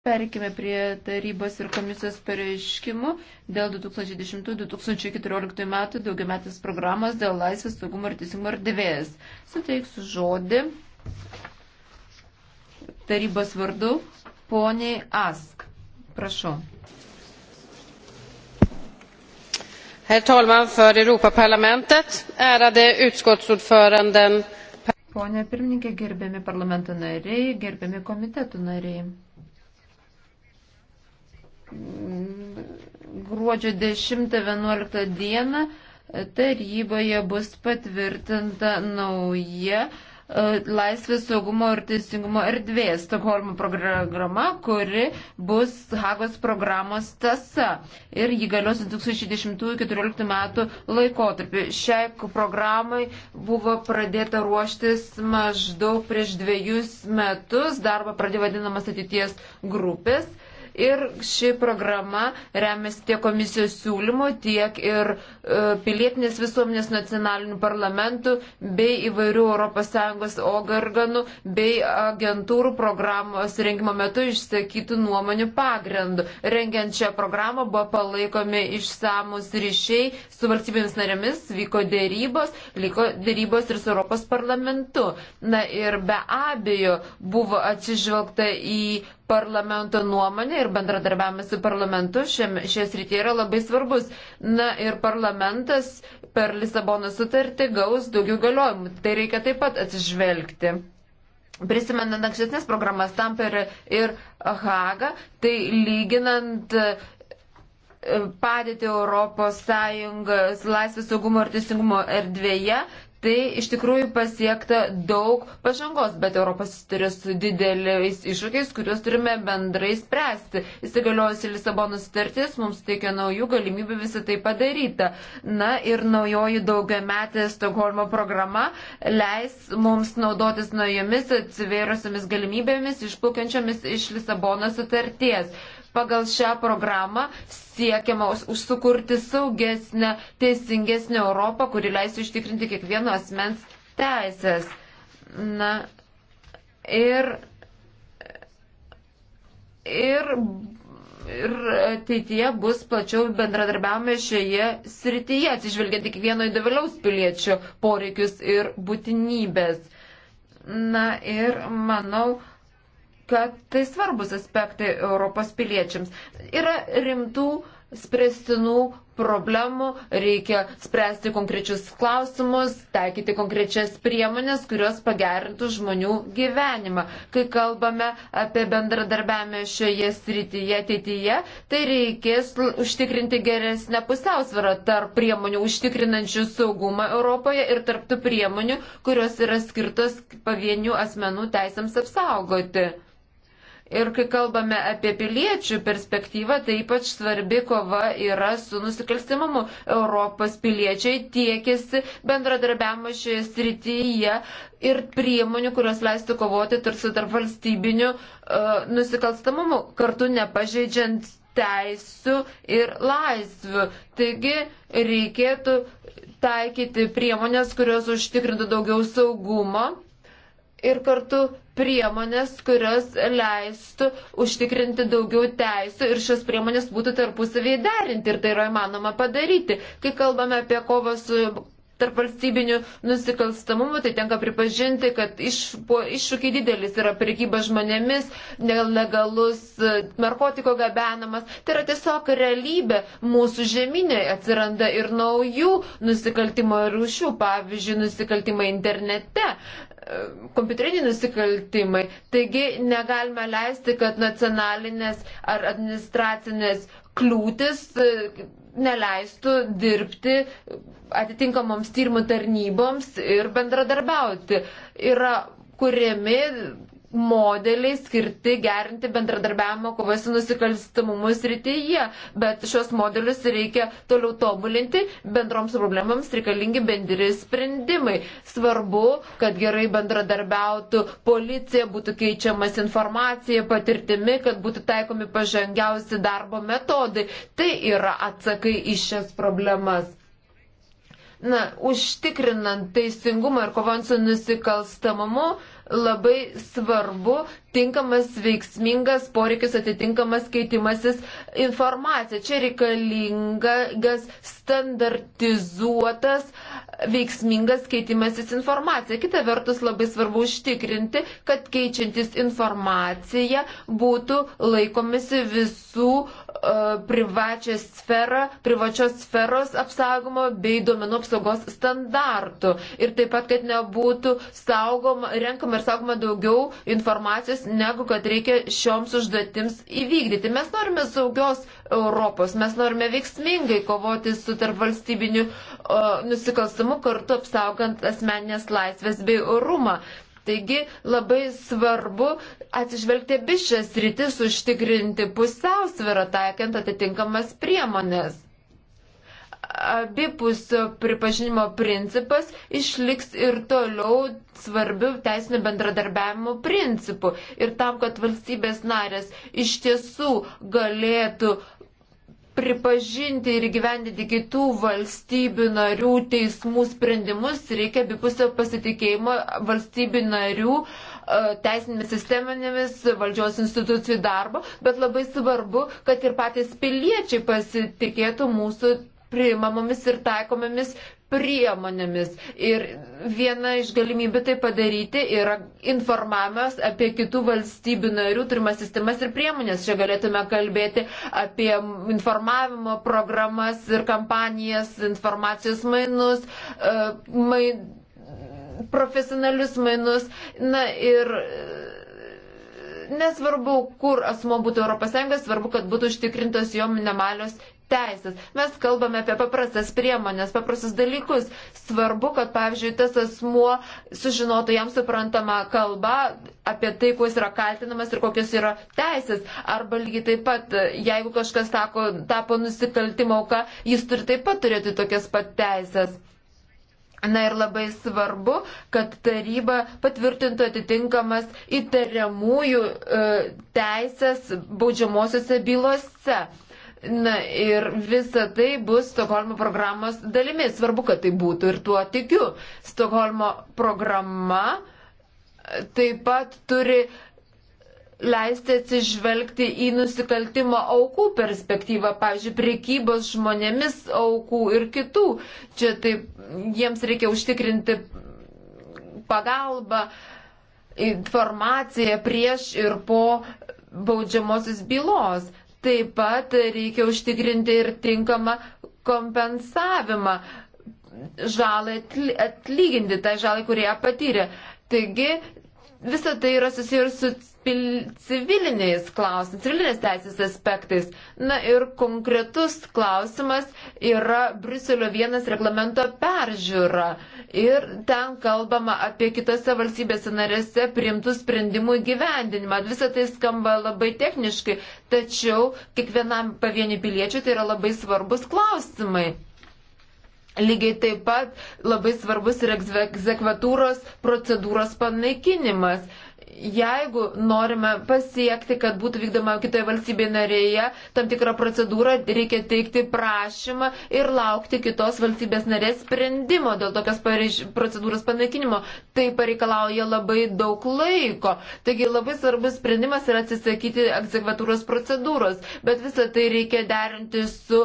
Perikime prie tarybos ir komisijos pareiškimų dėl 2010-2014 metų daugiametės programos dėl laisvės saugumo ir teisingumo erdvės. Suteiksiu žodį tarybos vardu poniai Ask. Prašau. Herr talman, för Europaparlamentet, ärade utskottsordföranden. Pone pirmininkė, gerbiami parlamento nariai, gerbiami komitetų nariai gruodžio 10-11 dieną taryboje bus patvirtinta nauja e, Laisvės saugumo ir teisingumo erdvė Stokholmo programa, kuri bus Hagos programos tasa ir jį galios 2010-2014 metų laikotarpį. Šiai programai buvo pradėta ruoštis maždaug prieš dviejus metus, darbą pradėjo vadinamas ateities grupės ir ši programa remiasi tiek komisijos siūlymu, tiek ir e, pilietinės visuomenės nacionalinių parlamentų bei įvairių ES organų bei agentūrų programos rengimo metu išsakytų nuomonių pagrindų. Rengiant šią programą buvo palaikomi išsamus ryšiai su valstybėmis narėmis, vyko dėrybos, liko dėrybos ir su Europos parlamentu. Na ir be abejo buvo atsižvelgta į parlamento nuomonė ir bendradarbiavimas su parlamentu šioje srityje yra labai svarbus. Na ir parlamentas per Lisabono sutartį gaus daugiau galiojimų. Tai reikia taip pat atsižvelgti. Prisimenant ankstesnės programas Tamperį ir Hagą, tai lyginant e, padėti Europos Sąjungos laisvės saugumo ir teisingumo erdvėje, tai iš tikrųjų pasiekta daug pažangos, bet Europas turi su dideliais iššūkiais, kuriuos turime bendrai spręsti. Įsigaliojusi Lisabonos sutartis mums teikia naujų galimybių visą tai padaryta. Na ir naujoji daugiametė Stokholmo programa leis mums naudotis naujomis atsivėrusiamis galimybėmis išplaukiančiamis iš Lisabonos sutarties. Pagal šią programą siekiama užsukurti saugesnę, teisingesnę Europą, kuri leis užtikrinti kiekvieno asmens teisės. Na, ir, ir ir ateityje bus plačiau bendradarbiavime šioje srityje, atsižvelgiant į kiekvieno individualiaus piliečio poreikius ir būtinybės. Na ir manau, kad tai svarbus aspektai Europos piliečiams. Yra rimtų spręstinų problemų, reikia spręsti konkrečius klausimus, taikyti konkrečias priemonės, kurios pagerintų žmonių gyvenimą. Kai kalbame apie bendradarbiavimą šioje srityje ateityje, tai reikės užtikrinti geresnę pusiausvyrą tarp priemonių užtikrinančių saugumą Europoje ir tarp tų priemonių, kurios yra skirtos pavienių asmenų teisėms apsaugoti. Ir kai kalbame apie piliečių perspektyvą, tai ypač svarbi kova yra su nusikalstimamu. Europos piliečiai tiekėsi bendradarbiavimo šioje srityje ir priemonių, kurios leistų kovoti su tarp valstybiniu uh, nusikalstamumu, kartu nepažeidžiant teisų ir laisvių. Taigi reikėtų taikyti priemonės, kurios užtikrintų daugiau saugumo ir kartu priemonės, kurios leistų užtikrinti daugiau teisų ir šios priemonės būtų tarpusavėje derinti ir tai yra įmanoma padaryti. Kai kalbame apie kovą su tarp valstybinių nusikalstamumų, tai tenka pripažinti, kad iš, po, iššūkiai didelis yra prekyba žmonėmis, nelegalus e, narkotiko gabenamas. Tai yra tiesiog realybė. Mūsų žemynė atsiranda ir naujų nusikaltimo rūšių, pavyzdžiui, nusikaltimai internete kompiuteriniai nusikaltimai. Taigi negalime leisti, kad nacionalinės ar administracinės kliūtis e, neleistų dirbti atitinkamoms tyrimų tarnyboms ir bendradarbiauti. Yra kuriami modeliai skirti gerinti bendradarbiavimo kovai su nusikalstamumu srityje, bet šios modelius reikia toliau tobulinti, bendroms problemams reikalingi bendri sprendimai. Svarbu, kad gerai bendradarbiautų policija, būtų keičiamas informacija, patirtimi, kad būtų taikomi pažangiausi darbo metodai. Tai yra atsakai iš šias problemas na, užtikrinant teisingumą ir kovant su nusikalstamumu, labai svarbu tinkamas veiksmingas poreikis atitinkamas keitimasis informacija. Čia reikalingas standartizuotas veiksmingas keitimasis informacija. Kita vertus labai svarbu užtikrinti, kad keičiantis informacija būtų laikomisi visų E, privačią sferą, privačios sferos apsaugomo bei duomenų apsaugos standartų. Ir taip pat, kad nebūtų saugoma, renkama ir saugoma daugiau informacijos, negu kad reikia šioms užduotims įvykdyti. Mes norime saugios Europos, mes norime veiksmingai kovoti su tarpvalstybiniu e, nusikalstamu kartu apsaugant asmeninės laisvės bei orumą. Taigi labai svarbu atsižvelgti abi šias rytis, užtikrinti pusiausvyrą taikant atitinkamas priemonės. Abipusio pripažinimo principas išliks ir toliau svarbių teisinio bendradarbiavimo principų. Ir tam, kad valstybės narės iš tiesų galėtų uh, pripažinti ir gyvendinti kitų valstybių narių teismų sprendimus, reikia abipusio pasitikėjimo valstybių narių e, teisinėmis sisteminėmis valdžios institucijų darbo, bet labai svarbu, kad ir patys piliečiai pasitikėtų mūsų priimamomis ir taikomomis priemonėmis. Ir viena iš galimybių tai padaryti yra informavimas apie kitų valstybių narių turimas sistemas ir priemonės. Čia galėtume kalbėti apie informavimo programas ir kampanijas, informacijos mainus, e, main, profesionalius mainus. Na ir e, nesvarbu, kur asmo būtų ES, svarbu, kad būtų užtikrintos jo minimalios teisės. Mes kalbame apie paprastas priemonės, paprastus dalykus. Svarbu, kad, pavyzdžiui, tas asmuo sužinotų jam suprantamą kalbą apie tai, kuo jis yra kaltinamas ir kokios yra teisės. Arba lygiai taip pat, jeigu kažkas tako, tapo nusikaltimo auka, jis turi taip pat turėti tokias pat teisės. Na ir labai svarbu, kad taryba patvirtintų atitinkamas įtariamųjų e, teisės baudžiamosiose bylose. Na ir visa tai bus Stokholmo programos dalimi. Svarbu, kad tai būtų ir tuo tikiu. Stokholmo programa e, taip pat turi leisti atsižvelgti į nusikaltimo aukų perspektyvą, pavyzdžiui, priekybos žmonėmis aukų ir kitų. Čia taip jiems reikia užtikrinti pagalbą, informaciją prieš ir po baudžiamosios bylos. Taip pat reikia užtikrinti ir tinkamą kompensavimą žalai atlyginti, tai žalai, kurie patyrė. Taigi, visa tai yra susijęs su civiliniais klausimais, civilinės teisės aspektais. Na ir konkretus klausimas yra Briuselio vienas reglamento peržiūra. Ir ten kalbama apie kitose valstybėse narėse priimtų sprendimų įgyvendinimą. Visą tai skamba labai techniškai, tačiau kiekvienam pavieniui piliečiui tai yra labai svarbus klausimai. Lygiai taip pat labai svarbus ir egzekvatūros procedūros panaikinimas jeigu norime pasiekti, kad būtų vykdoma kitoje valstybėje narėje tam tikrą procedūrą, reikia teikti prašymą ir laukti kitos valstybės narės sprendimo dėl tokios pareiž... procedūros panaikinimo. Tai pareikalauja labai daug laiko. Taigi labai svarbus sprendimas yra atsisakyti egzekvatūros procedūros, bet visą tai reikia derinti su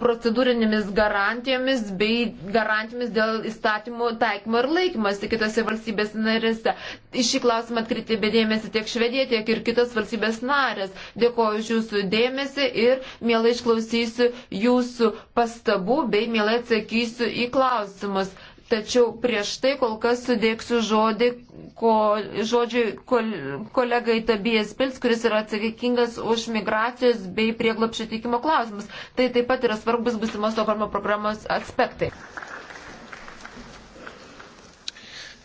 procedūrinėmis garantijomis bei garantijomis dėl įstatymų taikymo ir laikymas kitose valstybės narėse. Iš šį klausimą atkreipti atkreipti bedėmėsi tiek Švedija, tiek ir kitas valstybės narės. Dėkoju už jūsų dėmesį ir mielai išklausysiu jūsų pastabų bei mielai atsakysiu į klausimus. Tačiau prieš tai kol kas sudėksiu žodį, ko, žodžiui kol, kolegai Tabijas Pils, kuris yra atsakingas už migracijos bei prieglapšio teikimo klausimus. Tai taip pat yra svarbus būsimos Stokholmo programos aspektai.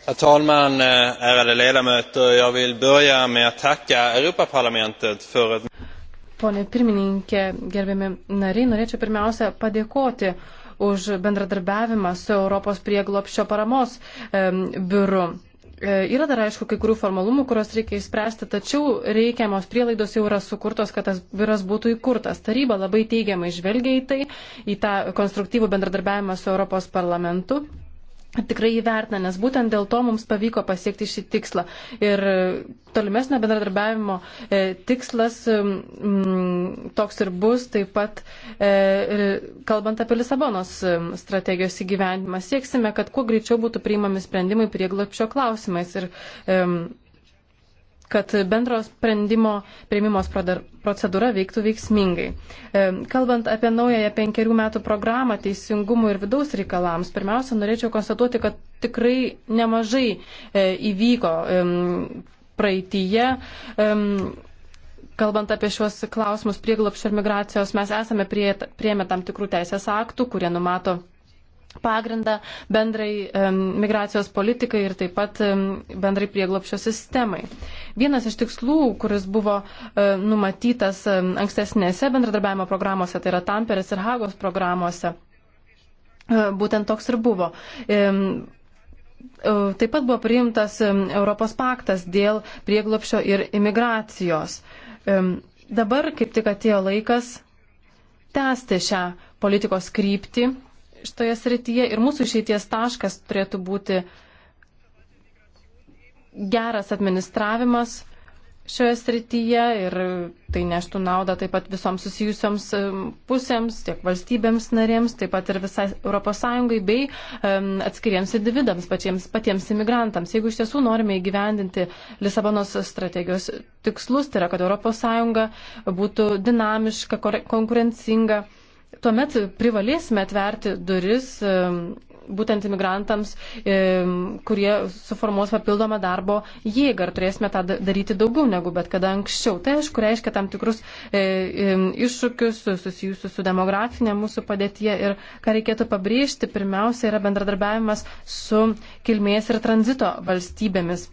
Herr talman! Eh, ärade ledamöter! Jag vill börja med att tacka Europaparlamentet för ett... Pone pirmininkė, gerbiami nariai, norėčiau pirmiausia padėkoti už bendradarbiavimą su Europos prieglopščio paramos e, biuru. E, yra dar aišku kai kurių formalumų, kuriuos reikia išspręsti, tačiau reikiamos prielaidos jau yra sukurtos, kad tas biuras būtų įkurtas. Taryba labai teigiamai žvelgia į tai, į tą konstruktyvų bendradarbiavimą su Europos parlamentu tikrai įvertina, nes būtent dėl to mums pavyko pasiekti šį tikslą. Ir tolimesnio bendradarbiavimo e, tikslas m, toks ir bus, taip pat e, kalbant apie Lisabonos e, strategijos įgyvendimą, sieksime, kad kuo greičiau būtų priimami sprendimai prieglopšio klausimais. Ir, e, kad bendro sprendimo prieimimos procedūra veiktų veiksmingai. E, kalbant apie naująją penkerių metų programą teisingumų ir vidaus reikalams, pirmiausia, norėčiau konstatuoti, kad tikrai nemažai e, įvyko praeitįje. Kalbant apie šios klausimus prieglopščio ir migracijos, mes esame prie, prieėmę tam tikrų teisės aktų, kurie numato pagrindą bendrai migracijos politikai ir taip pat bendrai prieglopšio sistemai. Vienas iš tikslų, kuris buvo e, numatytas ankstesnėse bendradarbiavimo programuose, tai yra Tamperės ir Hagos programuose, e, būtent toks ir buvo. E, taip pat buvo priimtas Europos paktas dėl prieglopšio ir imigracijos. Dabar kaip tik atėjo laikas tęsti šią politikos kryptį šitoje srityje ir mūsų išeities taškas turėtų būti geras administravimas šioje srityje ir tai neštų naudą taip pat visoms susijusioms pusėms, tiek valstybėms narėms, taip pat ir visai ES bei um, atskiriems individams, pačiems, patiems imigrantams. Jeigu iš tiesų norime įgyvendinti Lisabonos strategijos tikslus, tai yra, kad ES būtų dinamiška, konkurencinga, tuomet privalėsime atverti duris būtent imigrantams, kurie suformuos papildomą darbo jėgą ir turėsime tą daryti daugiau negu bet kada anksčiau. Tai aišku reiškia tam tikrus e, iššūkius susijusius su demografinė mūsų padėtie ir ką reikėtų pabrėžti, pirmiausia yra bendradarbiavimas su kilmės ir tranzito valstybėmis.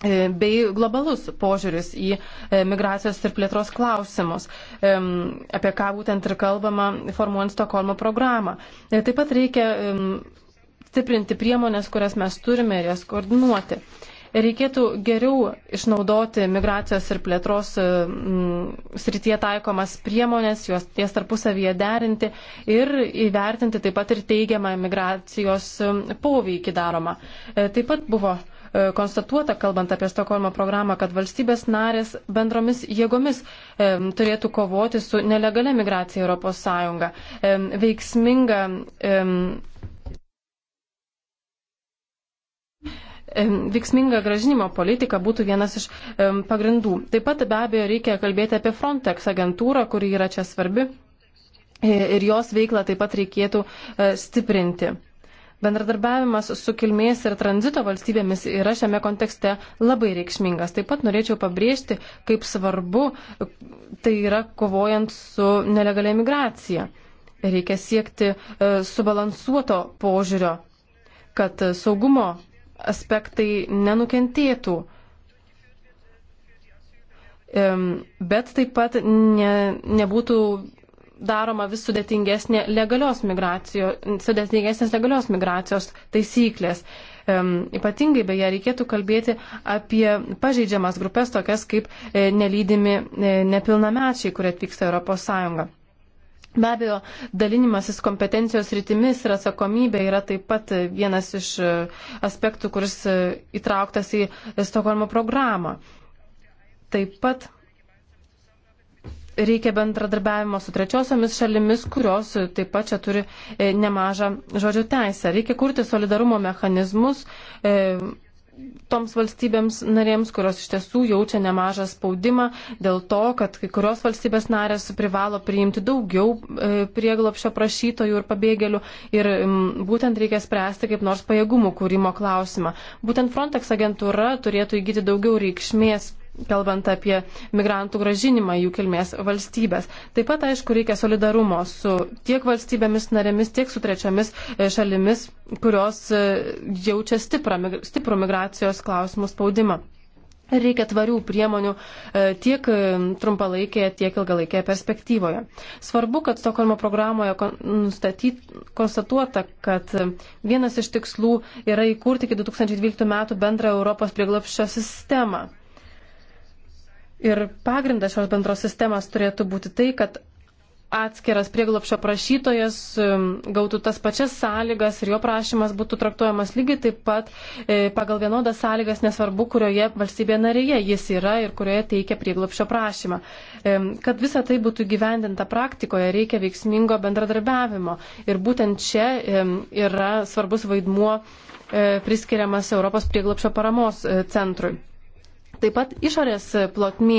E, bei globalus požiūris į e, migracijos ir plėtros klausimus, apie ką būtent ir kalbama formuojant Stokholmo programą. E, taip pat reikia stiprinti priemonės, kurias mes turime ir jas koordinuoti. Reikėtų geriau išnaudoti migracijos ir plėtros srityje taikomas priemonės, juos ties tarpusavyje derinti ir įvertinti taip pat ir teigiamą migracijos poveikį daromą. Taip pat buvo E, konstatuota, kalbant apie Stokholmo programą, kad valstybės narės bendromis jėgomis e, turėtų kovoti su nelegalia migracija Europos Sąjunga. E, veiksminga veiksminga gražinimo politika būtų vienas iš pagrindų. Taip pat be abejo reikia kalbėti apie Frontex agentūrą, kuri yra čia svarbi ir jos veiklą taip pat reikėtų stiprinti. Bendradarbiavimas su kilmės ir tranzito valstybėmis yra šiame kontekste labai reikšmingas. Taip pat norėčiau pabrėžti, kaip svarbu tai yra kovojant su nelegalia migracija. Reikia siekti e, subalansuoto požiūrio, kad saugumo aspektai nenukentėtų bet taip pat ne, nebūtų daroma vis sudėtingesnė legalios migracijos, sudėtingesnės legalios migracijos taisyklės. Um, ypatingai beje reikėtų kalbėti apie pažeidžiamas grupės, tokias kaip e, nelydimi e, nepilnamečiai, kurie atvyksta Europos Sąjungą. Be abejo, dalinimasis kompetencijos rytimis ir atsakomybė yra taip pat vienas iš e, aspektų, kuris e, įtrauktas į Stokholmo programą. Taip pat reikia bendradarbiavimo su trečiosiomis šalimis, kurios taip pat čia turi e, nemažą žodžio teisę. Reikia kurti solidarumo mechanizmus e, toms valstybėms narėms, kurios iš tiesų jaučia nemažą spaudimą dėl to, kad kai kurios valstybės narės privalo priimti daugiau e, prieglopšio prašytojų ir pabėgėlių ir būtent reikia spręsti kaip nors pajėgumų kūrimo klausimą. Būtent Frontex agentūra turėtų įgyti daugiau reikšmės kalbant apie migrantų gražinimą jų kilmės valstybės. Taip pat, aišku, reikia solidarumo su tiek valstybėmis narėmis, tiek su trečiamis e, šalimis, kurios e, jaučia stiprą, stiprų migracijos klausimų spaudimą. Reikia tvarių priemonių e, tiek trumpalaikėje, tiek ilgalaikėje perspektyvoje. Svarbu, kad Stokholmo programoje nustatyt, konstatuota, kad vienas iš tikslų yra įkurti iki 2012 metų bendrą Europos prieglapščio sistemą Ir pagrindas šios bendros sistemos turėtų būti tai, kad atskiras prieglopšio prašytojas um, gautų tas pačias sąlygas ir jo prašymas būtų traktuojamas lygiai taip pat e, pagal vienodas sąlygas, nesvarbu, kurioje valstybėje narėje jis yra ir kurioje teikia prieglopšio prašymą. Kad visa tai būtų gyvendinta praktikoje, reikia veiksmingo bendradarbiavimo. Ir būtent čia yra svarbus vaidmuo e, priskiriamas Europos prieglopšio paramos e, centrui. Taip pat išorės plotmė,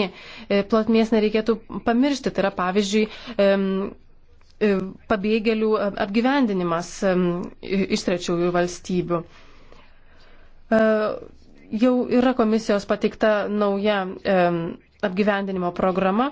e, plotmės nereikėtų pamiršti, tai yra pavyzdžiui e, pabėgėlių apgyvendinimas iš trečiųjų valstybių. E, jau yra komisijos pateikta nauja apgyvendinimo programa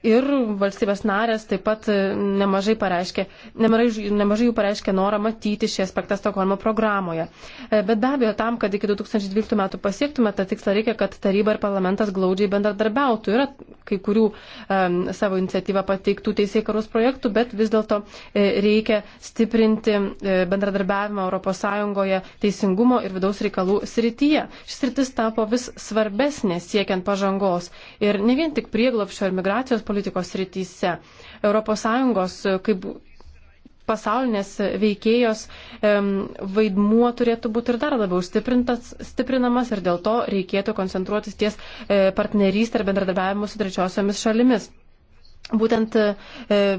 Ir valstybės narės taip pat e, nemažai, pareiškė, nemažai, nemažai jų pareiškė norą matyti šį aspektą Stokholmo programoje. E, bet be abejo, tam, kad iki 2012 metų pasiektume tą tikslą, reikia, kad taryba ir parlamentas glaudžiai bendradarbiautų. Yra kai kurių um, savo iniciatyvą pateiktų teisėjai karus projektų, bet vis dėlto e, reikia stiprinti bendradarbiavimą ES teisingumo ir vidaus reikalų srityje. Šis sritis tapo vis svarbesnė siekiant pažangos. Ir ne vien tik prieglopščio ir migracijos politikos rytise. ES kaip pasaulinės veikėjos vaidmuo turėtų būti ir dar labiau stiprinamas ir dėl to reikėtų koncentruotis ties e, partnerystę ir bendradarbiavimu su trečiosiomis šalimis. Būtent e,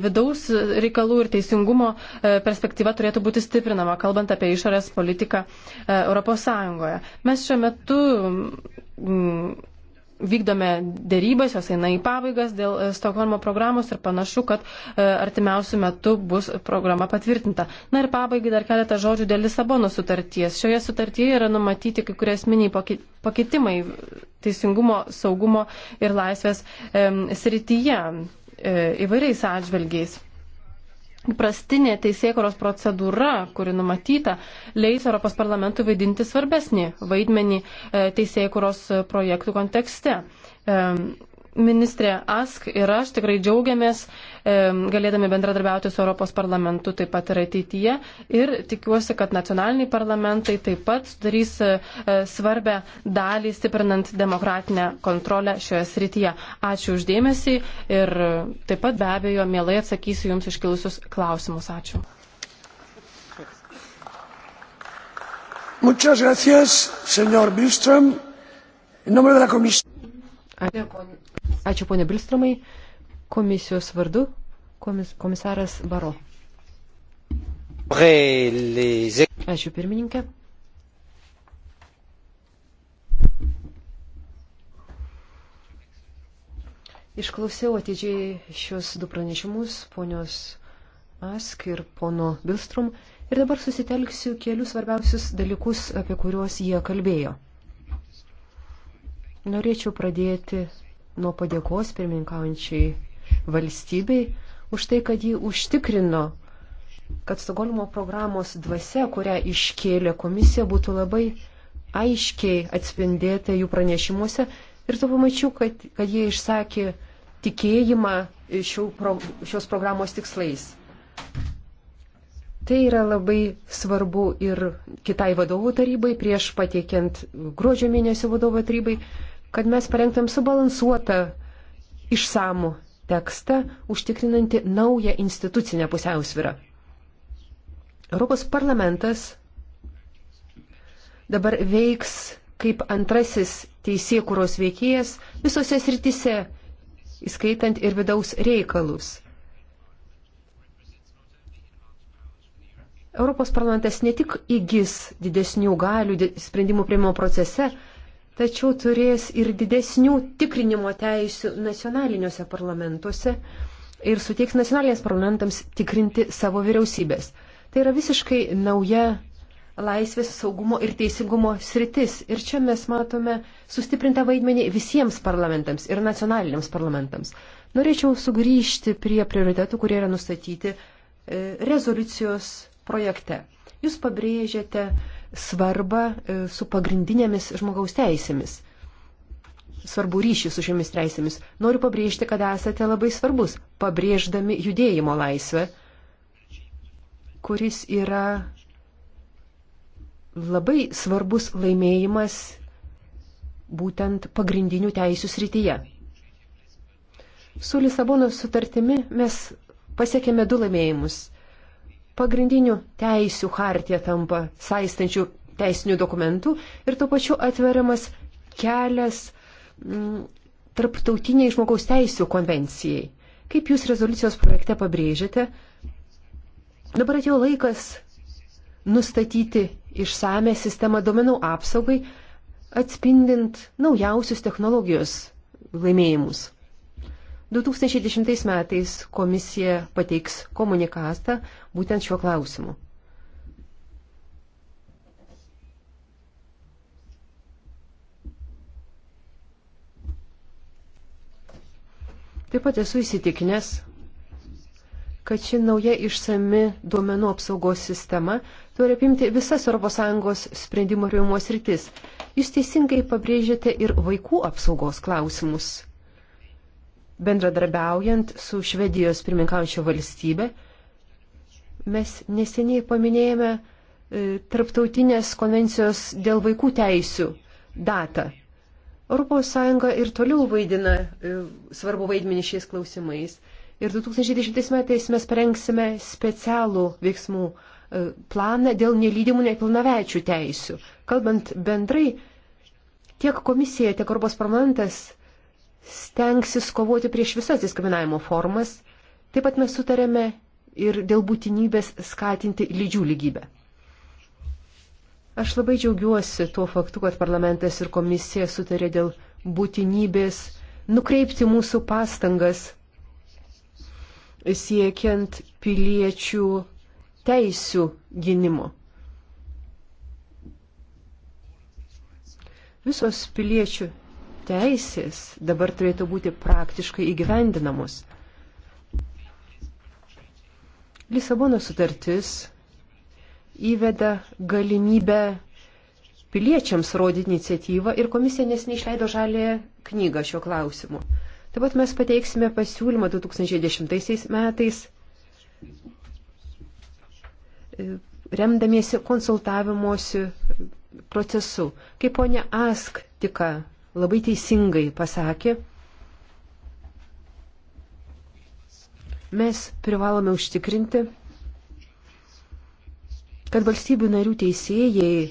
vidaus reikalų ir teisingumo e, perspektyva turėtų būti stiprinama, kalbant apie išorės politiką ES. Mes šiuo metu vykdome dėrybas, jos eina į pabaigas dėl e, Stokholmo programos ir panašu, kad e, artimiausių metų bus programa patvirtinta. Na ir pabaigai dar keletą žodžių dėl Lisabono sutarties. Šioje sutartyje yra numatyti kai kurie esminiai pakitimai teisingumo, saugumo ir laisvės srityje e, įvairiais atžvilgiais prastinė teisėkoros procedūra, kuri numatyta, leis Europos parlamentui vaidinti svarbesnį vaidmenį e, teisėkoros projektų kontekste. E, ministrė Ask ir aš tikrai džiaugiamės galėdami bendradarbiauti su Europos parlamentu taip pat ir ateityje. Ir tikiuosi, kad nacionaliniai parlamentai taip pat sudarys e, e, svarbę dalį stiprinant demokratinę kontrolę šioje srityje. Ačiū uždėmesį ir taip pat be abejo mielai atsakysiu Jums iškilusius klausimus. Ačiū. Muchas gracias, señor Bilström. En nombre de la comisión. Ačiū, ponė Bilstromai. Komisijos vardu Komis, komisaras Baro. Ačiū pirmininkė. Išklausiau atidžiai šios du pranešimus, ponios Ask ir pono Bilstrom, ir dabar susitelksiu kelius svarbiausius dalykus, apie kuriuos jie kalbėjo. Norėčiau pradėti nuo padėkos pirmininkaujančiai valstybei už tai, kad jį užtikrino, kad Stokholmo programos dvasia, kurią iškėlė komisija, būtų labai aiškiai atspindėta jų pranešimuose. Ir to pamačiau, kad, kad jie išsakė tikėjimą pro, šios programos tikslais. Tai yra labai svarbu ir kitai vadovų tarybai, prieš patiekiant gruodžio mėnesio vadovo tarybai, kad mes parengtam subalansuotą, išsamų tekstą, užtikrinantį naują institucinę pusiausvyrą. Europos parlamentas dabar veiks kaip antrasis teisėkuros veikėjas visose sritise, įskaitant ir vidaus reikalus. Europos parlamentas ne tik įgis didesnių galių sprendimų prieimimo procese, tačiau turės ir didesnių tikrinimo teisių nacionaliniuose parlamentuose ir suteiks nacionalinės parlamentams tikrinti savo vyriausybės. Tai yra visiškai nauja laisvės, saugumo ir teisingumo sritis. Ir čia mes matome sustiprintą vaidmenį visiems parlamentams ir nacionaliniams parlamentams. Norėčiau sugrįžti prie prioritetų, kurie yra nustatyti e, rezoliucijos projekte. Jūs pabrėžėte svarbą e, su pagrindinėmis žmogaus teisėmis. Svarbu ryšį su šiomis teisėmis. Noriu pabrėžti, kad esate labai svarbus, pabrėždami judėjimo laisvę, kuris yra labai svarbus laimėjimas būtent pagrindinių teisų srityje. Su Lisabonos sutartimi mes pasiekėme du laimėjimus pagrindinių teisių hartija tampa saistančių teisinių dokumentų ir tuo pačiu atveriamas kelias m, mm, tarptautiniai žmogaus teisų konvencijai. Kaip jūs rezoliucijos projekte pabrėžėte, dabar atėjo laikas nustatyti išsame sistemą domenų apsaugai, atspindint naujausius technologijos laimėjimus. 2010 metais komisija pateiks komunikastą, būtent šiuo klausimu. Taip pat esu įsitikinęs, kad ši nauja išsami duomenų apsaugos sistema turi apimti visas ES sprendimų rėmumos rytis. Jūs teisingai pabrėžėte ir vaikų apsaugos klausimus. Bendradarbiaujant su Švedijos pirmininkaujančia valstybė, Mes neseniai paminėjome e, Tarptautinės konvencijos dėl vaikų teisių datą. ES ir toliau vaidina e, svarbu vaidmenį šiais klausimais. Ir 2010 metais mes parengsime specialų veiksmų e, planą dėl nelydimų nepilnavečių teisių. Kalbant bendrai, tiek komisija, tiek Europos parlamentas stengsis kovoti prieš visas diskriminavimo formas. Taip pat mes sutarėme ir dėl būtinybės skatinti lyčių lygybę. Aš labai džiaugiuosi tuo faktu, kad parlamentas ir komisija sutarė dėl būtinybės nukreipti mūsų pastangas siekiant piliečių teisių gynimo. Visos piliečių teisės dabar turėtų būti praktiškai įgyvendinamos. Lisabono sutartis įveda galimybę piliečiams rodyti iniciatyvą ir komisija nesiniai išleido žalę knygą šio klausimu. Taip pat mes pateiksime pasiūlymą 2010 metais, e, remdamiesi konsultavimuosi procesu. Kaip ponia Ask tik labai teisingai pasakė, Mes privalome užtikrinti, kad valstybių narių teisėjai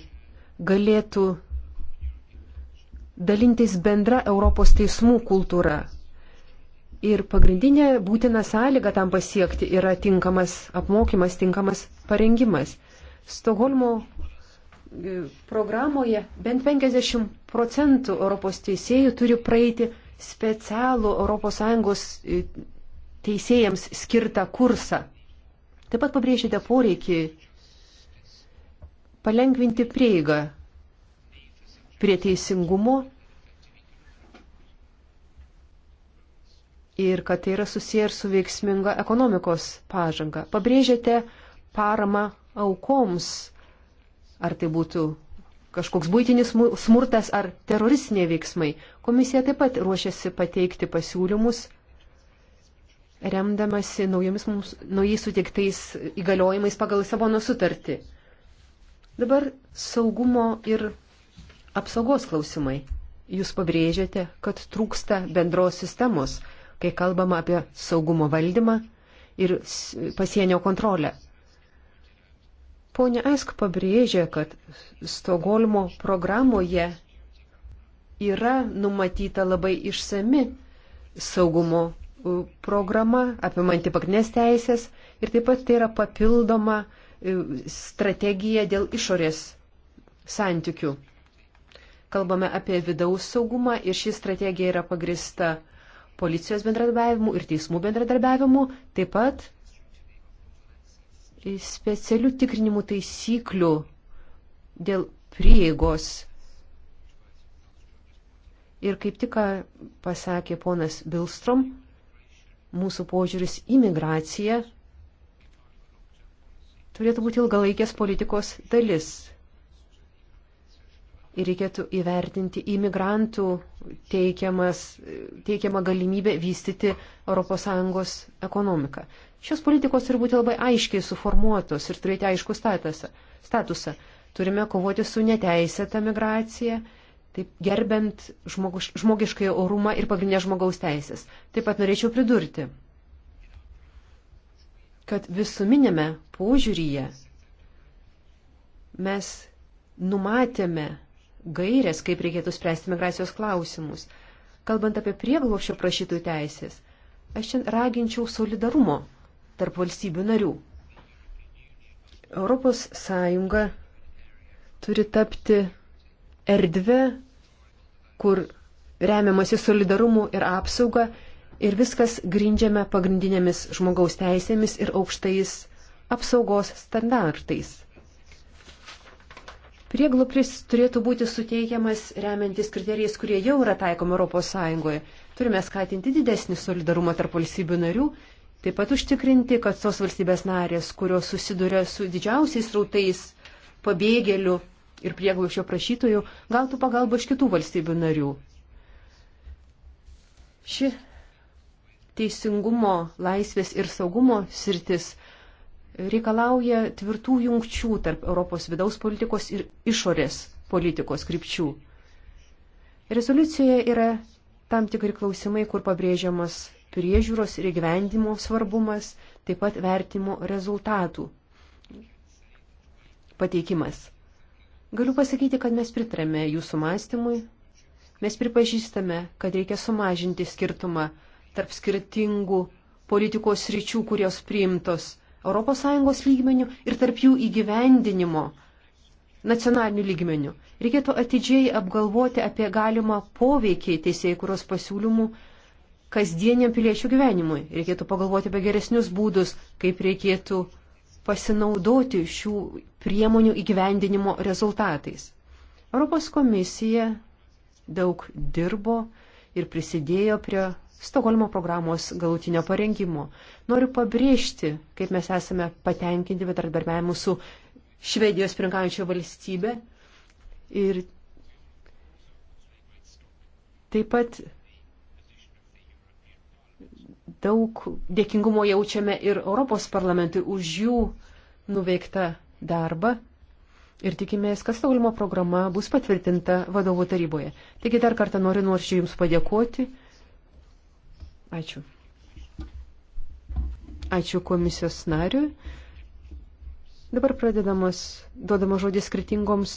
galėtų dalintis bendra Europos teismų kultūra. Ir pagrindinė būtina sąlyga tam pasiekti yra tinkamas apmokymas, tinkamas parengimas. Stokholmo e, programoje bent 50 procentų Europos teisėjų turi praeiti specialų ES teisėjams skirtą kursą. Taip pat pabrėžėte poreikį palengvinti prieigą prie teisingumo ir kad tai yra susiję ir su veiksminga ekonomikos pažanga. Pabrėžėte paramą aukoms, ar tai būtų kažkoks būtinis smurtas ar teroristiniai veiksmai. Komisija taip pat ruošiasi pateikti pasiūlymus remdamasi naujomis mums, naujai sutiktais įgaliojimais pagal Lisabono sutartį. Dabar saugumo ir apsaugos klausimai. Jūs pabrėžiate, kad trūksta bendros sistemos, kai kalbama apie saugumo valdymą ir pasienio kontrolę. Pone Esk pabrėžia, kad Stogolmo programoje yra numatyta labai išsami saugumo programa, apimanti pagrindinės teisės ir taip pat tai yra papildoma strategija dėl išorės santykių. Kalbame apie vidaus saugumą ir ši strategija yra pagrista policijos bendradarbiavimu ir teismų bendradarbiavimu, taip pat specialių tikrinimų taisyklių dėl prieigos. Ir kaip tik pasakė ponas Bilstrom, mūsų požiūris į migraciją turėtų būti ilgalaikės politikos dalis. Ir reikėtų įvertinti imigrantų teikiamą galimybę vystyti ES ekonomiką. Šios politikos turi būti labai aiškiai suformuotos ir turėti aišku statusą. statusą. Turime kovoti su neteisėta migracija taip gerbent žmogus, žmogiškai orumą ir pagrindinę žmogaus teisės. Taip pat norėčiau pridurti, kad visuminėme požiūryje mes numatėme gairias, kaip reikėtų spręsti migracijos klausimus. Kalbant apie prieglobšio prašytų teisės, aš čia raginčiau solidarumo tarp valstybių narių. Europos Sąjunga turi tapti erdvė, kur remiamasi solidarumu ir apsauga ir viskas grindžiame pagrindinėmis žmogaus teisėmis ir aukštais apsaugos standartais. Prieglupris turėtų būti suteikiamas remiantis kriterijais, kurie jau yra taikomi ES. Turime skatinti didesnį solidarumą tarp valstybių narių, taip pat užtikrinti, kad tos valstybės narės, kurios susiduria su didžiausiais rautais pabėgėlių ir prieglaušio prašytojų gautų pagalbą iš kitų valstybių narių. Ši teisingumo, laisvės ir saugumo sritis reikalauja tvirtų jungčių tarp Europos vidaus politikos ir išorės politikos krypčių. Rezoliucijoje yra tam tikri klausimai, kur pabrėžiamas priežiūros ir gyvendimo svarbumas, taip pat vertimo rezultatų pateikimas. Galiu pasakyti, kad mes pritarėme jūsų mąstymui, mes pripažįstame, kad reikia sumažinti skirtumą tarp skirtingų politikos ryčių, kurios priimtos ES lygmenių ir tarp jų įgyvendinimo nacionalinių lygmenių. Reikėtų atidžiai apgalvoti apie galimą poveikį teisėjai, kurios pasiūlymų kasdieniam piliečių gyvenimui. Reikėtų pagalvoti apie geresnius būdus, kaip reikėtų pasinaudoti šių priemonių įgyvendinimo rezultatais. Europos komisija daug dirbo ir prisidėjo prie Stokholmo programos galutinio parengimo. Noriu pabrėžti, kaip mes esame patenkinti bendradarbiavimu su Švedijos prinkaujančia valstybė ir taip pat daug dėkingumo jaučiame ir Europos parlamentui už jų nuveiktą darbą ir tikimės, kad Stokholmo programa bus patvirtinta vadovų taryboje. Taigi dar kartą noriu nuoširdžiai Jums padėkoti. Ačiū. Ačiū komisijos nariui. Dabar pradedamas, duodamas žodį skirtingoms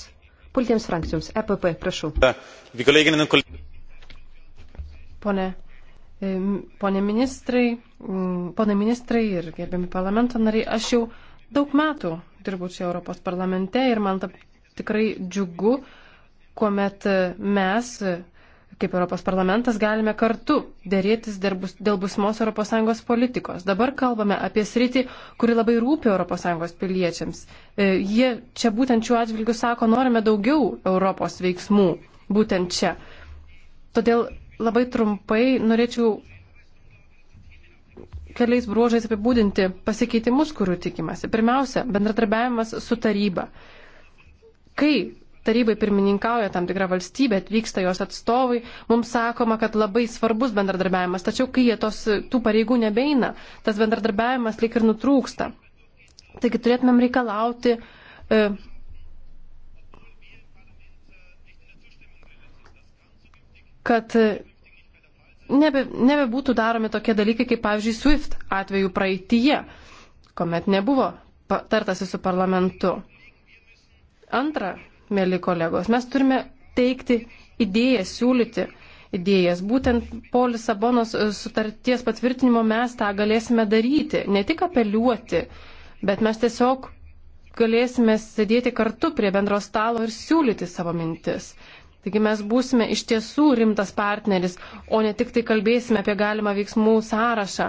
politinėms frakcijoms. EPP, prašau. Pone, pone ministrai, pone ministrai ir gerbiami parlamento nariai, aš jau Daug metų dirbu čia Europos parlamente ir man tikrai džiugu, kuomet mes, kaip Europos parlamentas, galime kartu dėrėtis dėl busmos ES politikos. Dabar kalbame apie sritį, kuri labai rūpi ES piliečiams. E, jie čia būtent šiuo atžvilgiu sako, norime daugiau Europos veiksmų būtent čia. Todėl labai trumpai norėčiau keliais bruožais apibūdinti pasikeitimus, kurių tikimasi. Pirmiausia, bendradarbiavimas su taryba. Kai tarybai pirmininkauja tam tikra valstybė, atvyksta jos atstovai, mums sakoma, kad labai svarbus bendradarbiavimas, tačiau kai jie tos, tų pareigų nebeina, tas bendradarbiavimas lyg ir nutrūksta. Taigi turėtumėm reikalauti. E, kad nebe, nebebūtų daromi tokie dalykai, kaip pavyzdžiui SWIFT atveju praeitie, kuomet nebuvo tartasi su parlamentu. Antra, mėly kolegos, mes turime teikti idėjas, siūlyti idėjas. Būtent po Lisabonos e, sutarties patvirtinimo mes tą galėsime daryti, ne tik apeliuoti, bet mes tiesiog galėsime sėdėti kartu prie bendro stalo ir siūlyti savo mintis. Taigi mes būsime iš tiesų rimtas partneris, o ne tik tai kalbėsime apie galimą veiksmų sąrašą.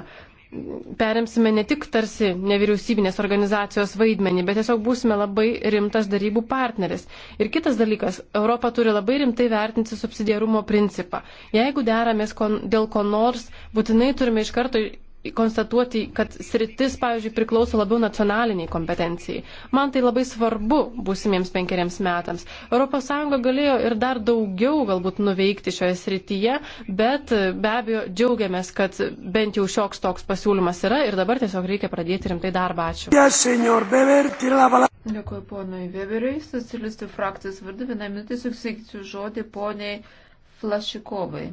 Perimsime ne tik tarsi nevyriausybinės organizacijos vaidmenį, bet tiesiog būsime labai rimtas darybų partneris. Ir kitas dalykas, Europa turi labai rimtai vertinti subsidiarumo principą. Jeigu deramės kon, dėl ko nors, būtinai turime iš karto konstatuoti, kad sritis, pavyzdžiui, priklauso labiau nacionaliniai kompetencijai. Man tai labai svarbu būsimiems penkeriems metams. ES galėjo ir dar daugiau galbūt nuveikti šioje srityje, bet be abejo džiaugiamės, kad bent jau šioks toks pasiūlymas yra ir dabar tiesiog reikia pradėti rimtai darbą. Ačiū. Dėkuoju ponui Weberiui, socialistų frakcijos vardu, vieną minutę susitiksiu žodį poniai Flašikovai.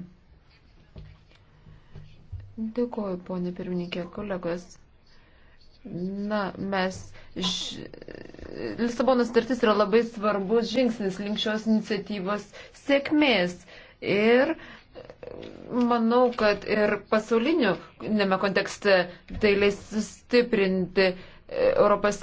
Dėkuoju, ponė pirmininkė, kolegos. Na, mes. Ž... Lisabonos sutartis yra labai svarbus žingsnis link šios iniciatyvos sėkmės. Ir manau, kad ir pasauliniu kontekste tai leis sustiprinti ES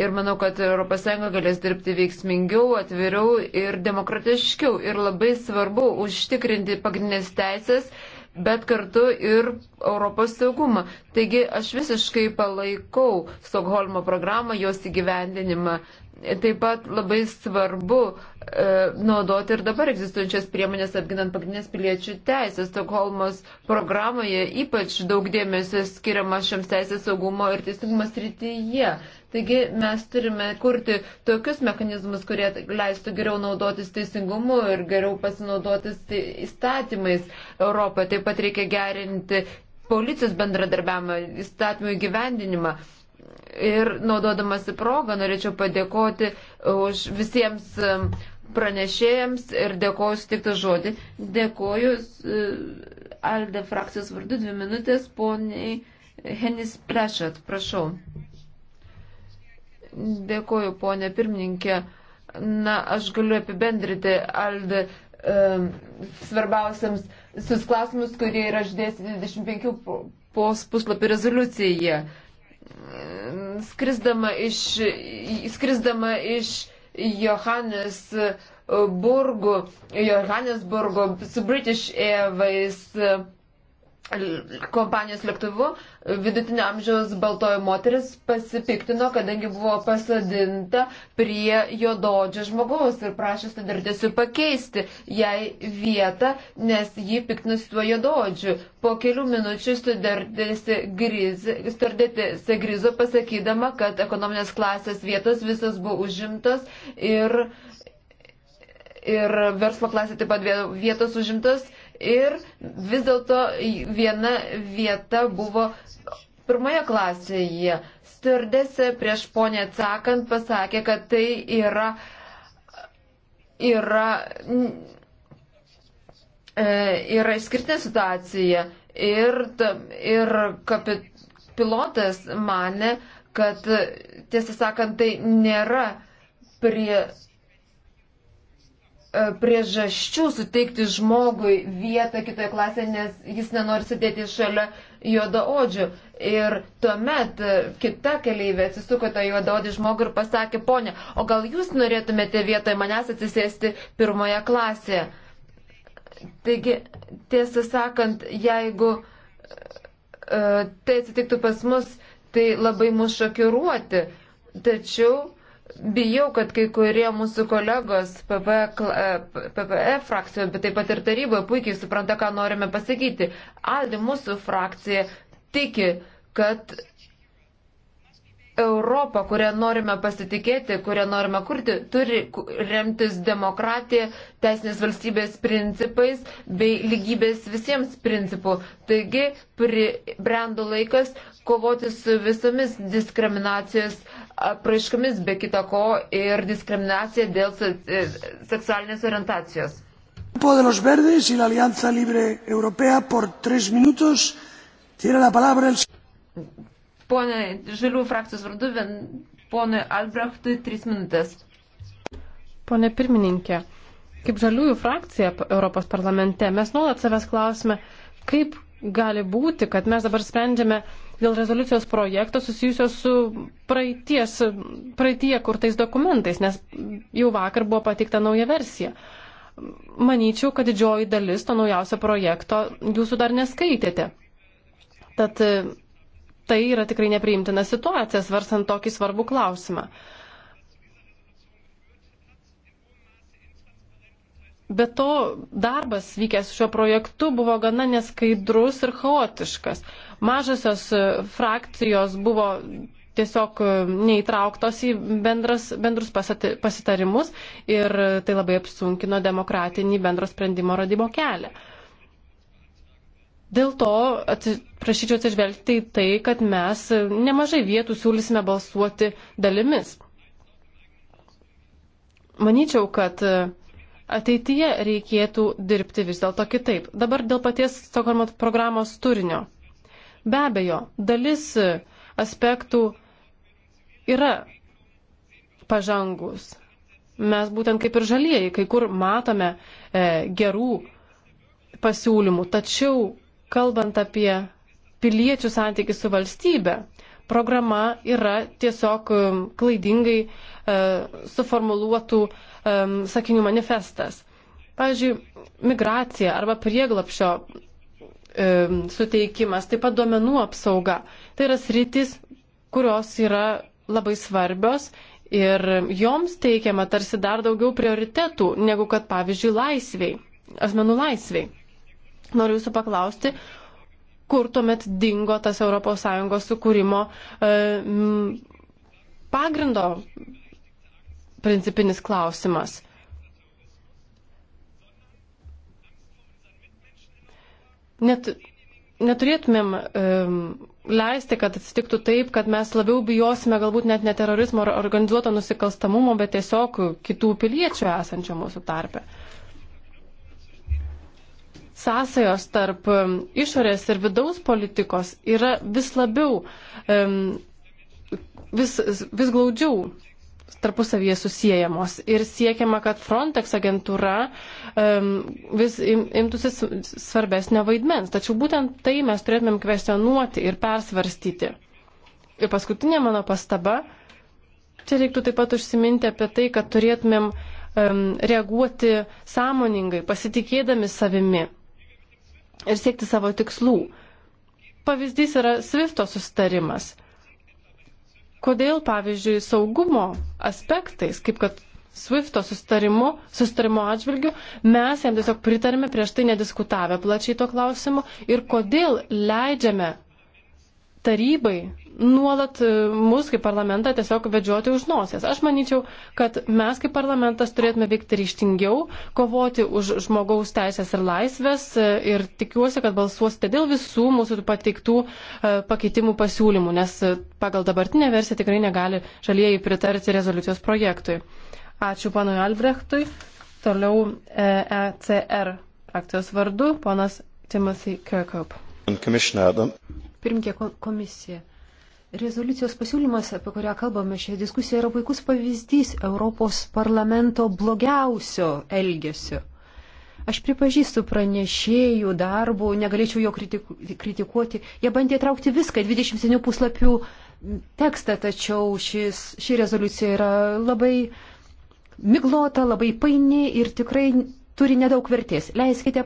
ir manau, kad ES galės dirbti veiksmingiau, atviriau ir demokratiškiau. Ir labai svarbu užtikrinti pagrindinės teisės bet kartu ir Europos saugumą. Taigi aš visiškai palaikau Stokholmo programą, jos įgyvendinimą. Taip pat labai svarbu e, naudoti ir dabar egzistuojančias priemonės apginant pagrindinės piliečių teisės. Stokholmos programoje ypač daug dėmesio skiriama šiams teisės saugumo ir teisingumo srityje. Taigi mes turime kurti tokius mechanizmus, kurie leistų geriau naudotis teisingumu ir geriau pasinaudotis tai įstatymais Europoje. Taip pat reikia gerinti policijos bendradarbiavimą, įstatymų įgyvendinimą. Ir naudodamasi progą norėčiau padėkoti už visiems um, pranešėjams ir dėkoju sutikti žodį. Dėkoju uh, Alde frakcijos vardu dvi minutės poniai Henis Plešat, prašau. Dėkoju, ponė pirmininkė. Na, aš galiu apibendrinti Aldą e, svarbiausiams sus klausimus, kurie yra išdėsti 25 puslapį rezoliucijoje. Skrisdama iš, skrisdama iš Johannes e, Burgų, Johannesburgo su British Airways kompanijos lėktuvu vidutinio amžiaus baltoji moteris pasipiktino, kadangi buvo pasadinta prie juododžio žmogaus ir prašė standartėsiu pakeisti jai vietą, nes ji piktinasi tuo juododžiu. Po kelių minučių standartėse grizo pasakydama, kad ekonominės klasės vietos visas buvo užimtos ir, ir verslo klasė taip pat vietos užimtos ir vis dėlto viena vieta buvo pirmoje klasėje. Stirdėse prieš ponę atsakant pasakė, kad tai yra, yra, e, yra išskirtinė situacija ir, ir kapit, pilotas mane, kad tiesą sakant, tai nėra prie E, priežasčių suteikti žmogui vietą kitoje klasėje, nes jis nenori sėdėti šalia juodaodžių. Ir tuomet e, kita keleivė atsisuko tą juodaodį žmogų ir pasakė, ponė, o gal jūs norėtumėte vietoje manęs atsisėsti pirmoje klasėje? Taigi, tiesą sakant, jeigu uh, tai atsitiktų pas mus, tai labai mus šokiruoti. Tačiau Bijau, kad kai kurie mūsų kolegos PPE e frakcijoje, bet taip pat ir taryboje puikiai supranta, ką norime pasakyti. Aldi mūsų frakcija tiki, kad Europą, kurią norime pasitikėti, kurią norime kurti, turi remtis demokratija, teisinės valstybės principais bei lygybės visiems principų. Taigi, pribrendo laikas kovoti su visomis diskriminacijos apraiškomis, be kita ko, ir diskriminacija dėl e, seksualinės orientacijos. de los Verdes y la Alianza Libre Europea por tres minutos. Tiene la palabra el... Pone Žalių frakcijos vardu, ponui Albrechtui tris minutės. Pone pirmininkė, kaip Žaliųjų frakcija Europos parlamente, mes nuolat savęs klausime, kaip gali būti, kad mes dabar sprendžiame uh, dėl rezoliucijos projekto susijusios su praeities, praeitie kurtais dokumentais, nes jau vakar buvo pateikta nauja versija. Manyčiau, kad didžioji dalis to naujausio projekto jūsų dar neskaitėte. Tad tai yra tikrai nepriimtina situacija, svarstant tokį svarbų klausimą. Be to, darbas vykęs šiuo projektu buvo gana neskaidrus ir chaotiškas. Mažasios e, frakcijos buvo tiesiog e, neįtrauktos į bendras, bendrus pasitarimus ir tai labai apsunkino demokratinį bendro sprendimo radimo kelią. Dėl to atsi, prašyčiau atsižvelgti į tai, kad mes e, nemažai vietų siūlysime balsuoti dalimis. Manyčiau, kad ateityje reikėtų dirbti vis dėlto kitaip. Dabar dėl paties Stokholmo programos turinio. Be abejo, dalis aspektų yra pažangus. Mes būtent kaip ir žalieji, kai kur matome e, gerų pasiūlymų. Tačiau, kalbant apie piliečių santykį su valstybe, programa yra tiesiog um, klaidingai e, suformuluotų e, sakinių manifestas. Pavyzdžiui, migracija arba prieglapšio e, suteikimas, taip pat duomenų apsauga. Tai yra sritis, kurios yra labai svarbios ir joms teikiama tarsi dar daugiau prioritetų negu kad, pavyzdžiui, laisviai, asmenų laisviai. Noriu jūsų paklausti, kur tuomet dingo tas ES sukūrimo e, pagrindo principinis klausimas. Net, neturėtumėm um, leisti, kad atsitiktų taip, kad mes labiau bijosime galbūt net ne terorizmo ar organizuoto nusikalstamumo, bet tiesiog kitų piliečių esančių mūsų tarpe. Uh, sąsajos tarp išorės ir vidaus politikos yra vis labiau, vis, vis glaudžiau tarpusavyje susijęjamos ir siekiama, kad Frontex agentūra um, vis im, imtųsi svarbesnio vaidmens. Tačiau būtent tai mes turėtumėm kvestionuoti ir persvarstyti. Ir paskutinė mano pastaba, čia reiktų taip pat užsiminti apie tai, kad turėtumėm um, reaguoti sąmoningai, pasitikėdami savimi ir siekti savo tikslų. Pavyzdys yra Svifto sustarimas. Kodėl, pavyzdžiui, saugumo aspektais, kaip kad Swifto sustarimu, sustarimo atžvilgiu, mes jam tiesiog pritarėme prieš tai nediskutavę plačiai tuo klausimu ir kodėl leidžiame tarybai nuolat e, mus kaip parlamentą tiesiog vedžioti už nosies. Aš manyčiau, kad mes kaip parlamentas turėtume veikti ryštingiau, kovoti už žmogaus teisės ir laisvės e, ir tikiuosi, kad balsuosite dėl visų mūsų pateiktų e, pakeitimų pasiūlymų, nes pagal dabartinę versiją tikrai negali žalieji pritarti rezoliucijos projektui. Ačiū panui Albrechtui. Toliau ECR akcijos vardu ponas Timothy Kirkhope. Pirmkė komisija. Rezoliucijos pasiūlymas, apie kurią kalbame šioje diskusijoje, yra puikus pavyzdys Europos parlamento blogiausio elgesio. Aš pripažįstu pranešėjų darbų, negalėčiau jo kritiku, kritikuoti. Jie bandė traukti viską, 27 puslapių tekstą, tačiau šis, ši rezoliucija yra labai miglota, labai paini ir tikrai turi nedaug vertės. Leiskite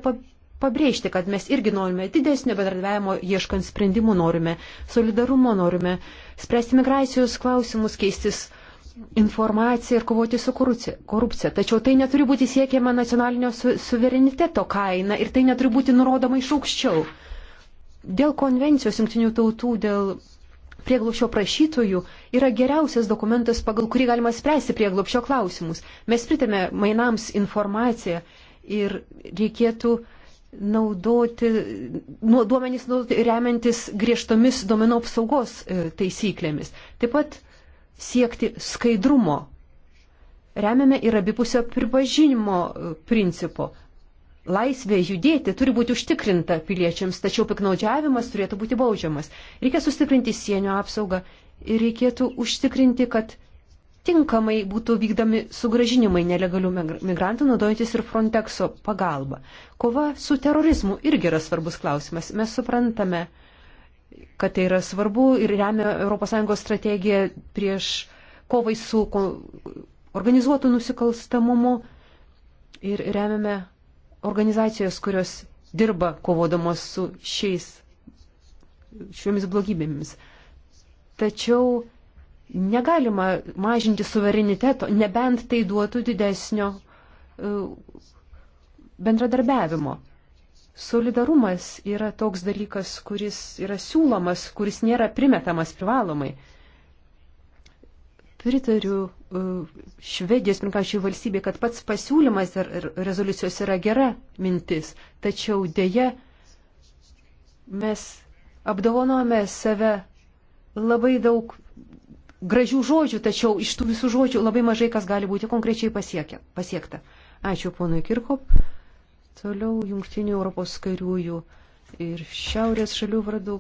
pabrėžti, kad mes irgi norime didesnio bendradarbiavimo, ieškant sprendimų norime, solidarumo norime, spręsti migracijos klausimus, keistis informaciją ir kovoti su korupcija. korupcija. Tačiau tai neturi būti siekiama nacionalinio su, suvereniteto kaina ir tai neturi būti nurodoma iš aukščiau. Dėl konvencijos jungtinių tautų, dėl prieglopšio prašytojų yra geriausias dokumentas, pagal kurį galima spręsti prieglopšio klausimus. Mes pritėme mainams informaciją ir reikėtų uh, naudoti, nu, duomenys naudoti remiantis griežtomis duomenų apsaugos e, taisyklėmis. Taip pat siekti skaidrumo. Remiame ir abipusio pripažinimo e, principo. Laisvė judėti turi būti užtikrinta piliečiams, tačiau piknaudžiavimas turėtų būti baudžiamas. Reikia sustiprinti sienio apsaugą ir reikėtų užtikrinti, kad tinkamai būtų vykdomi sugražinimai nelegalių migrantų, naudojantis ir Frontexo pagalba. Kova su terorizmu irgi yra svarbus klausimas. Mes suprantame, kad tai yra svarbu ir remia ES strategiją prieš kovai su organizuotų nusikalstamumu ir remiame organizacijos, kurios dirba kovodamos su šiais, šiomis blogybėmis. Tačiau Negalima mažinti suvereniteto, nebent tai duotų didesnio e, bendradarbiavimo. Solidarumas yra toks dalykas, kuris yra siūlomas, kuris nėra primetamas privalomai. Pritariu e, Švedijos pirmkačiai valstybė, kad pats pasiūlymas ir rezoliucijos yra gera mintis, tačiau dėje mes apdovanojame save labai daug gražių žodžių, tačiau iš tų visų žodžių labai mažai kas gali būti konkrečiai pasiekia, pasiekta. Ačiū ponui Kirkop. Toliau jungtinių Europos kairiųjų ir šiaurės šalių vardu.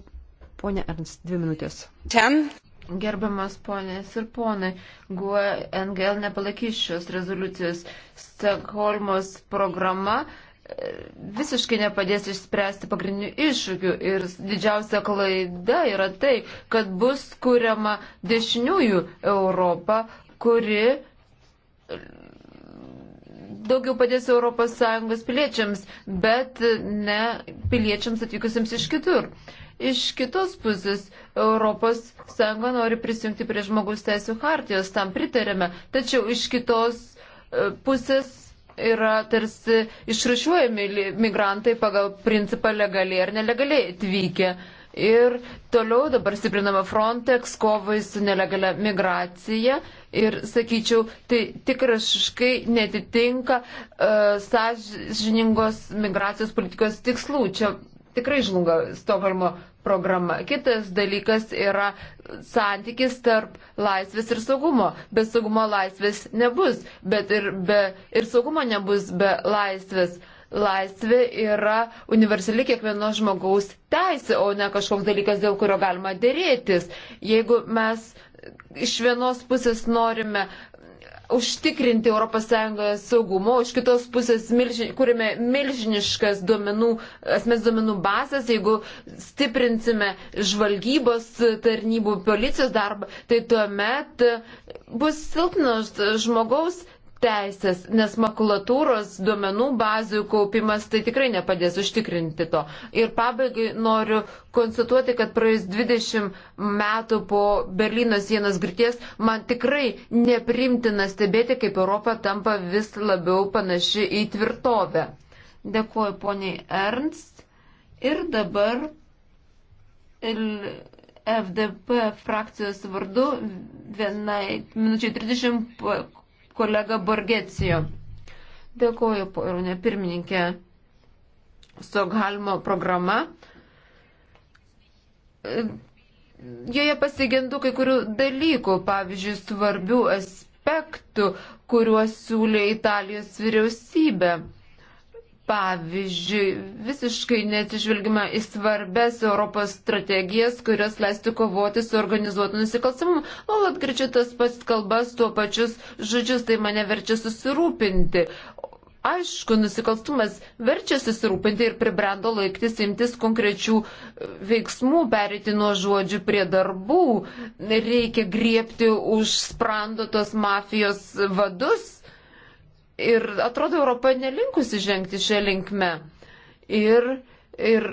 Pone Ernst, dvi minutės. Ten. Gerbiamas ponės ir ponai, GUE NGL nepalaikys šios rezoliucijos. Stokholmos programa visiškai nepadės išspręsti pagrindinių iššūkių. Ir didžiausia klaida yra tai, kad bus kuriama dešiniųjų Europa, kuri daugiau padės ES piliečiams, bet ne piliečiams atvykusiems iš kitur. Iš kitos pusės ES nori prisijungti prie žmogaus teisų hartijos, tam pritarėme, tačiau iš kitos e, pusės yra tarsi išrašiuojami migrantai pagal principą legaliai ar nelegaliai atvykę. Ir toliau dabar stiprinama Frontex kovai su nelegalia migracija ir, sakyčiau, tai tikraškai netitinka uh, sąžiningos migracijos politikos tikslų. Čia tikrai žlunga Stokholmo programa. Kitas dalykas yra santykis tarp laisvės ir saugumo. Be saugumo laisvės nebus, bet ir, be, ir saugumo nebus be laisvės. Laisvė yra universali kiekvieno žmogaus teisė, o ne kažkoks dalykas, dėl kurio galima dėrėtis. Jeigu mes iš vienos pusės norime užtikrinti ES saugumo, iš kitos pusės milži, kūrime milžiniškas duomenų, asmens duomenų bazės, jeigu stiprinsime žvalgybos tarnybų policijos darbą, tai tuomet bus silpnos žmogaus teisės, nes makulatūros duomenų bazių kaupimas tai tikrai nepadės užtikrinti to. Ir pabaigai noriu konstatuoti, kad praėjus 20 metų po Berlyno sienos grities man tikrai neprimtina stebėti, kaip Europa tampa vis labiau panaši į tvirtovę. Dėkuoju poniai Ernst. Ir dabar FDP frakcijos vardu vienai minučiai 30 kolega Borgecijo. Dėkoju, ponė pirmininkė, Stokhalmo programa. Joje pasigendu kai kurių dalykų, pavyzdžiui, svarbių aspektų, kuriuos siūlė Italijos vyriausybė. Pavyzdžiui, visiškai neatsižvelgima į svarbes Europos strategijas, kurios leistų kovoti su organizuotu nusikalstamumu. O atgirčiu tas pats kalbas, tuo pačius žodžius, tai mane verčia susirūpinti. Aišku, nusikalstumas verčia susirūpinti ir pribrendo laiktis imtis konkrečių e, veiksmų, perėti nuo žodžių prie darbų. Reikia griepti už sprando tos mafijos vadus Ir atrodo, Europa nelinkusi žengti šią linkmę. Ir Ir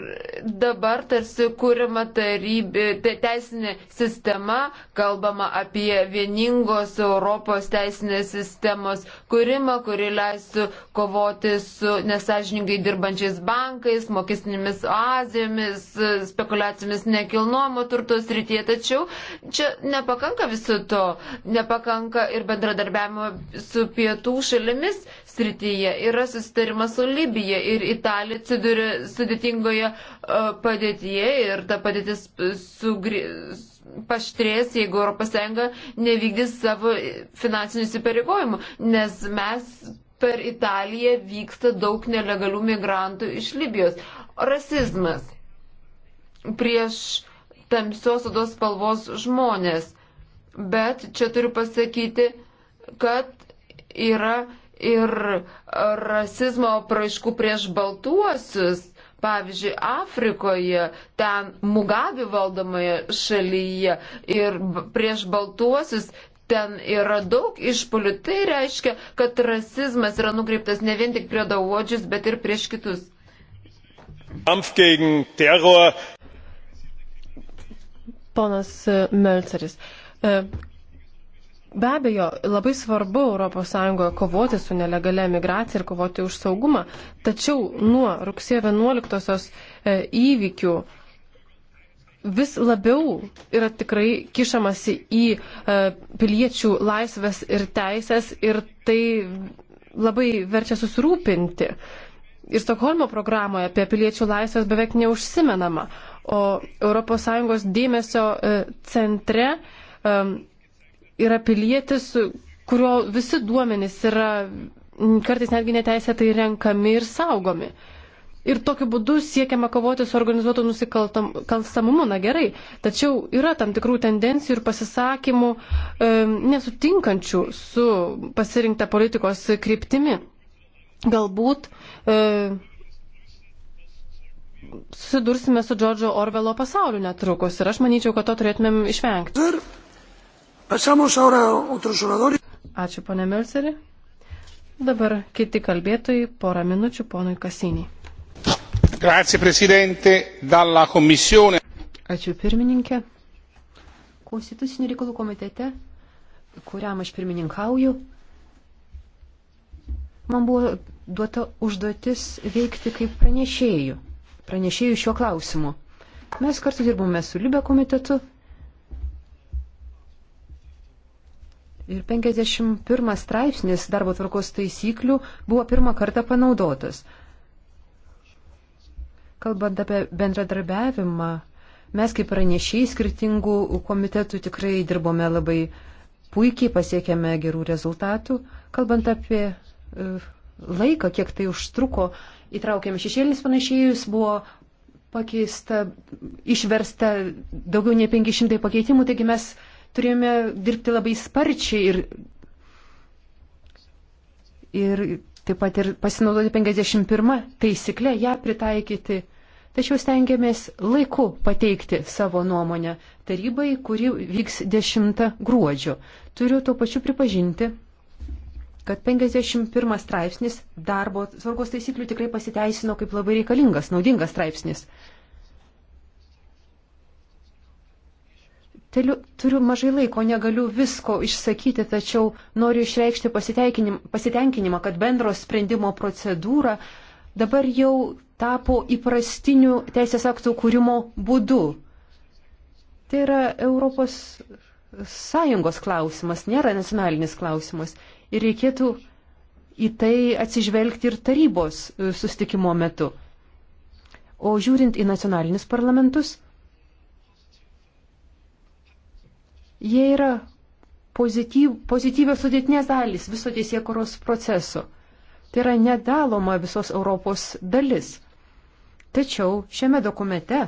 dabar tarsi kūrima tarybė, te, teisinė sistema, kalbama apie vieningos Europos teisinės sistemos kūrimą, kuri leistų kovoti su nesažininkai dirbančiais bankais, mokestinėmis oazėmis, spekulacijomis nekilnojamo turtos rytie. Tačiau čia nepakanka viso to, nepakanka ir bendradarbiavimo su pietų šalimis srityje. Yra susitarimas su Libija ir Italija atsiduria sudėtingoje sudėtingoje e, padėtyje ir ta padėtis sugri... paštrės, jeigu ES nevykdys savo finansinių įsipareigojimų, nes mes per Italiją vyksta daug nelegalių migrantų iš Libijos. Rasizmas prieš tamsios odos spalvos žmonės. Bet čia turiu pasakyti, kad yra ir rasizmo praaiškų prieš baltuosius. Pavyzdžiui, Afrikoje, ten Mugabi valdomoje šalyje ir prieš baltuosius ten yra daug išpolių. Tai reiškia, kad rasizmas yra nukreiptas ne vien tik prie dauodžius, bet ir prieš kitus. Ponas Melceris. E, Be abejo, labai svarbu ES kovoti su nelegalia migracija ir kovoti už saugumą, tačiau nuo rugsėjo 11-osios e, įvykių vis labiau yra tikrai kišamasi į e, piliečių laisvės ir teisės ir tai labai verčia susirūpinti. Ir Stokholmo programoje apie piliečių laisvės beveik neužsimenama, o ES dėmesio e, centre yra pilietis, kurio visi duomenys yra kartais netgi neteisėtai renkami ir saugomi. Ir tokiu būdu siekiama kovoti su organizuotu nusikalstamumu, na gerai. Tačiau yra tam tikrų tendencijų ir pasisakymų e, nesutinkančių su pasirinkta politikos kryptimi. Galbūt e, susidursime su Džordžo Orvelo pasauliu netrukus ir aš manyčiau, kad to turėtumėm išvengti. Ačiū, ponė Melceri. Dabar kiti kalbėtojai, porą minučių ponui Kasinį. Grazie, Presidente, dalla Komisione. Ačiū, pirmininkė. Konstitucinių reikalų komitete, kuriam aš pirmininkauju, man buvo duota užduotis veikti kaip pranešėjų, pranešėjų šiuo klausimu. Mes kartu dirbome su Libė komitetu Ir 51 straipsnis darbo tvarkos taisyklių buvo pirmą kartą panaudotas. Kalbant apie bendradarbiavimą, mes kaip pranešiai skirtingų komitetų tikrai dirbome labai puikiai, pasiekėme gerų rezultatų. Kalbant apie e, laiką, kiek tai užtruko, įtraukėme šešėlis panašiais, buvo pakeista, išversta daugiau nei 500 pakeitimų, taigi mes turėjome dirbti labai sparčiai ir, ir taip pat ir pasinaudoti 51 taisyklę, ją pritaikyti. Tačiau stengiamės laiku pateikti savo nuomonę tarybai, kuri vyks 10 gruodžio. Turiu tuo pačiu pripažinti, kad 51 straipsnis darbo tvarkos taisyklių tikrai pasiteisino kaip labai reikalingas, naudingas straipsnis. Turiu, turiu mažai laiko, negaliu visko išsakyti, tačiau noriu išreikšti pasitenkinimą, kad bendro sprendimo procedūra dabar jau tapo įprastiniu teisės aktų kūrimo būdu. Tai yra Europos Sąjungos klausimas, nėra nacionalinis klausimas. Ir reikėtų į tai atsižvelgti ir tarybos e, sustikimo metu. O žiūrint į nacionalinius parlamentus, Jie yra pozityv, pozityvios sudėtinės dalys viso teisėkuros proceso. Tai yra nedaloma visos Europos dalis. Tačiau šiame dokumente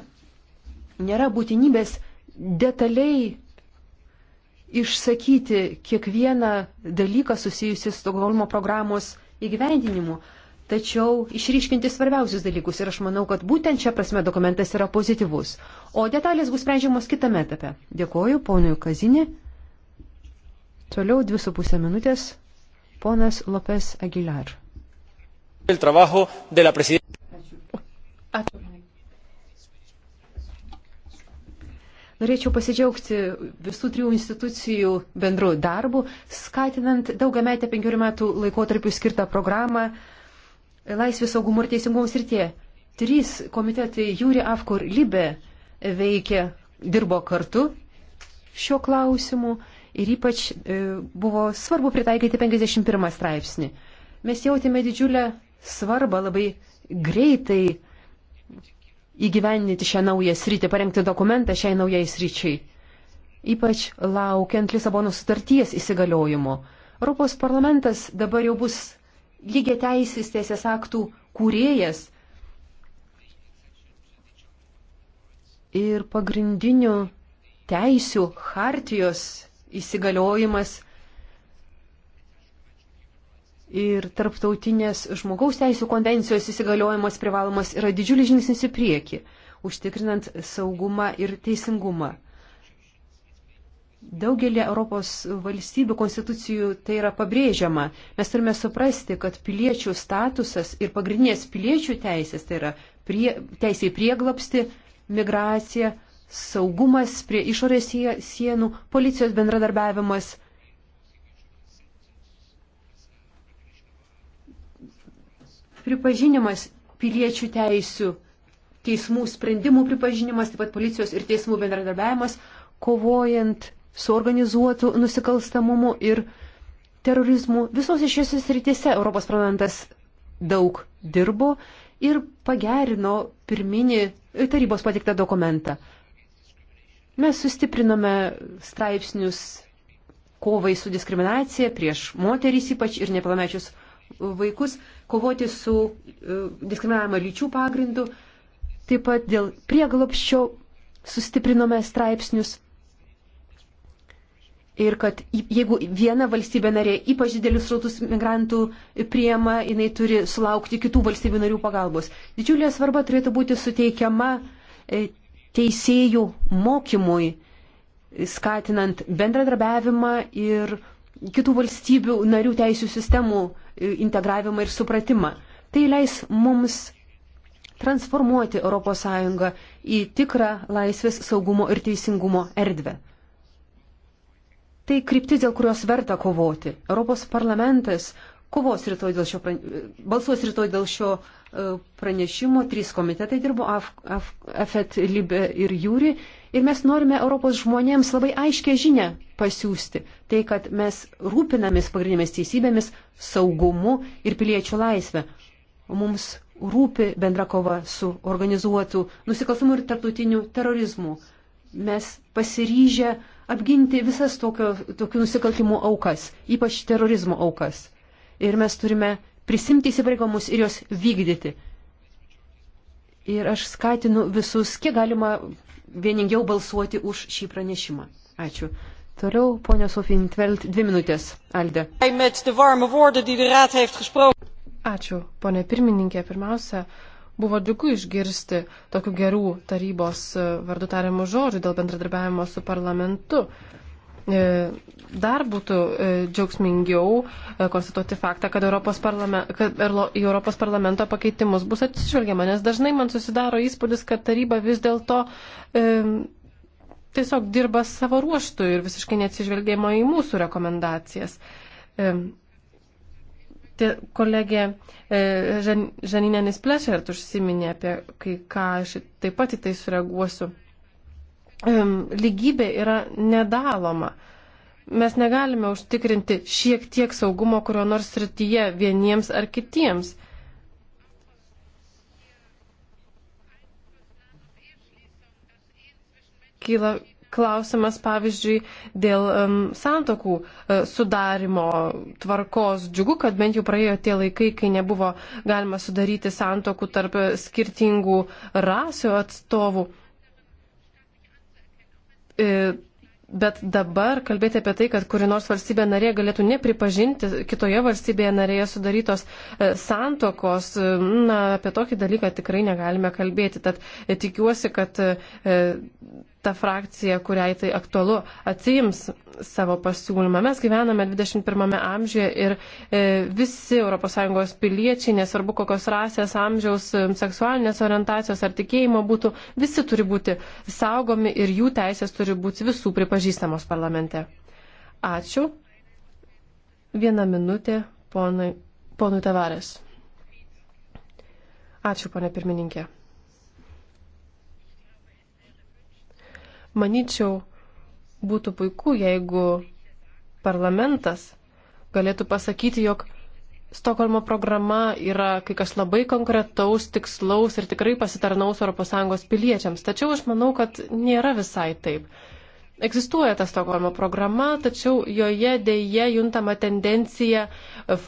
nėra būtinybės detaliai išsakyti kiekvieną dalyką susijusi Stokholmo programos įgyvendinimu tačiau išryškinti svarbiausius dalykus ir aš manau, kad būtent čia prasme dokumentas yra pozityvus, o detalės bus sprendžiamos kitame etape. Dėkoju ponui Kazinį. Toliau dvi su pusė minutės ponas Lopes Aguilar. Ačiū. Ačiū. Norėčiau pasidžiaugti visų trijų institucijų bendru darbu, skatinant daugiametę penkių metų laikotarpių skirtą programą laisvės saugumo ir teisingumo srityje. Trys komitetai Jūri Afkur Libė veikė, dirbo kartu šiuo klausimu ir ypač e, buvo svarbu pritaikyti 51 straipsnį. Mes jautėme didžiulę svarbą labai greitai įgyveninti šią naują sritį, parengti dokumentą šiai naujai sričiai. Ypač laukiant Lisabono sutarties įsigaliojimo. Europos parlamentas dabar jau bus lygiai teisės teisės aktų kūrėjas ir pagrindinių teisių hartijos įsigaliojimas ir tarptautinės žmogaus teisų konvencijos įsigaliojimas privalomas yra didžiulis žingsnis į priekį, užtikrinant saugumą ir teisingumą. Daugelį Europos valstybių konstitucijų tai yra pabrėžiama. Mes turime suprasti, kad piliečių statusas ir pagrindinės piliečių teisės, tai yra prie, teisė į prieglapsti, migracija, saugumas prie išorės sienų, policijos bendradarbiavimas. Pripažinimas piliečių teisių, teismų sprendimų pripažinimas, taip pat policijos ir teismų bendradarbiavimas, kovojant su organizuotu nusikalstamumu ir terorizmu. Visose šiose srityse Europos parlamentas daug dirbo ir pagerino pirminį tarybos patiktą dokumentą. Mes sustiprinome straipsnius kovai su diskriminacija prieš moterys ypač ir nepilnamečius vaikus, kovoti su e, diskriminavimo lyčių pagrindu, taip pat dėl prieglopščio sustiprinome straipsnius ir kad jeigu viena valstybė narė ypač didelius srautus migrantų priema, jinai turi sulaukti kitų valstybių narių pagalbos. Didžiulė svarba turėtų būti suteikiama e, teisėjų mokymui, skatinant bendradarbiavimą ir kitų valstybių narių teisų sistemų e, integravimą ir supratimą. Tai leis mums transformuoti ES į tikrą laisvės, saugumo ir teisingumo erdvę. Tai kryptis, dėl kurios verta kovoti. Europos parlamentas kovos rytoj dėl šio, balsuos rytoj dėl šio e, pranešimo. Trys komitetai dirbo, AF, AF, AFET, LIBE ir JURI. Ir mes norime Europos žmonėms labai aiškę žinę pasiūsti. Tai, kad mes rūpinamės pagrindinėmis teisybėmis, saugumu ir piliečių laisvę. Mums rūpi bendra kova su organizuotu nusikalstamu ir tarptautiniu terorizmu mes pasiryžę apginti visas tokio, tokių nusikaltimų aukas, ypač terorizmo aukas. Ir mes turime prisimti įsipareigomus ir juos vykdyti. Ir aš skatinu visus, kiek galima vieningiau balsuoti už šį pranešimą. Ačiū. Toliau, ponia Sofintveld, dvi minutės. Alde. Ačiū, ponia pirmininkė. Pirmiausia, Buvo džiugu išgirsti tokių gerų tarybos e, vardų tariamų žodžių dėl bendradarbiavimo su parlamentu. E, dar būtų e, džiaugsmingiau konstatuoti faktą, kad, Europos kad į Europos parlamento pakeitimus bus atsižvelgiama, nes dažnai man susidaro įspūdis, kad taryba vis dėlto e, tiesiog dirba savo ruoštų ir visiškai neatsižvelgiama į mūsų rekomendacijas. E, kolegė e, Žaninė Nisplešert užsiminė apie kai ką, aš taip pat į tai sureaguosiu. Lygybė yra nedaloma. Mes negalime užtikrinti šiek tiek saugumo kurio nors srityje vieniems ar kitiems. Kyla klausimas, pavyzdžiui, dėl um, santokų uh, sudarimo tvarkos. Džiugu, kad bent jau praėjo tie laikai, kai nebuvo galima sudaryti santokų tarp e, skirtingų rasių atstovų. Uh, Bet dabar kalbėti apie tai, kad kuri nors valstybė narė galėtų nepripažinti kitoje valstybėje narėje sudarytos santokos, na, apie tokį dalyką tikrai negalime kalbėti. Tad tikiuosi, kad ta frakcija, kuriai tai aktualu, atsijims savo pasiūlymą. Mes gyvename 21 amžiuje ir e, visi ES piliečiai, nesvarbu kokios rasės, amžiaus, seksualinės orientacijos ar tikėjimo būtų, visi turi būti saugomi ir jų teisės turi būti visų pripažįstamos parlamente. Ačiū. Viena minutė ponui, ponui Tavarės. Ačiū, ponė pirmininkė. Maničiau, būtų puiku, jeigu parlamentas galėtų pasakyti, jog Stokholmo programa yra kai kas labai konkretaus, tikslaus ir tikrai pasitarnaus ES piliečiams. Tačiau aš manau, kad nėra visai taip. Egzistuoja ta Stokholmo programa, tačiau joje dėje juntama tendencija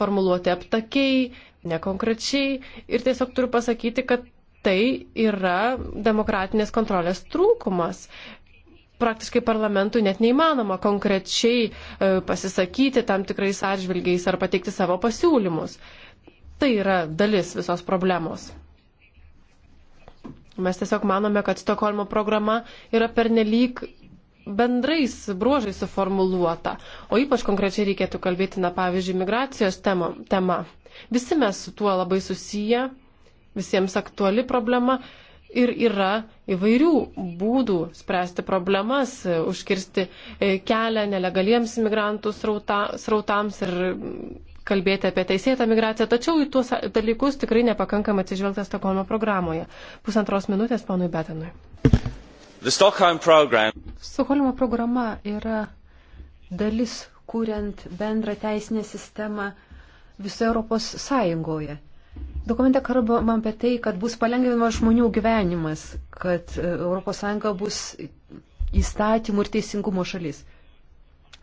formuluoti aptakiai, nekonkrečiai ir tiesiog turiu pasakyti, kad tai yra demokratinės kontrolės trūkumas praktiškai parlamentui net neįmanoma konkrečiai e, pasisakyti tam tikrais atžvilgiais ar pateikti savo pasiūlymus. Tai yra dalis visos problemos. Mes tiesiog manome, kad Stokholmo programa yra pernelyg bendrais bruožais suformuluota, o ypač konkrečiai reikėtų kalbėti, na, pavyzdžiui, migracijos tema. tema. Visi mes su tuo labai susiję, visiems aktuali problema, Ir yra įvairių būdų spręsti problemas, e, užkirsti e, kelią nelegaliems imigrantų srauta, srautams ir mm, kalbėti apie teisėtą migraciją, tačiau į tuos dalykus tikrai nepakankamai atsižvelgta Stokholmo programoje. Pusantros minutės ponui Betanui. Stokholmo programa yra dalis, kuriant bendrą teisinę sistemą visoje Europos Sąjungoje. Dokumente kalbama apie tai, kad bus palengvinamas žmonių gyvenimas, kad ES bus įstatymų ir teisingumo šalis.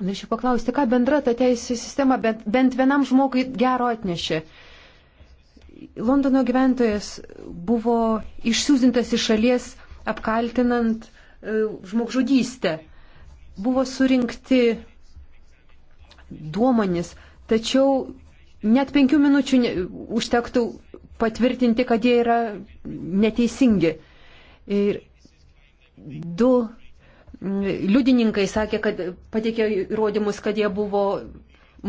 Norėčiau paklausti, ką bendra ta teisė sistema bent, bent vienam žmogui gero atnešė. Londono gyventojas buvo išsiūzintas iš šalies apkaltinant e, žmogžudystę. Buvo surinkti duomenys, tačiau net penkių minučių užtektų patvirtinti, kad jie yra neteisingi. Ir du mm, liudininkai sakė, kad pateikė įrodymus, kad jie buvo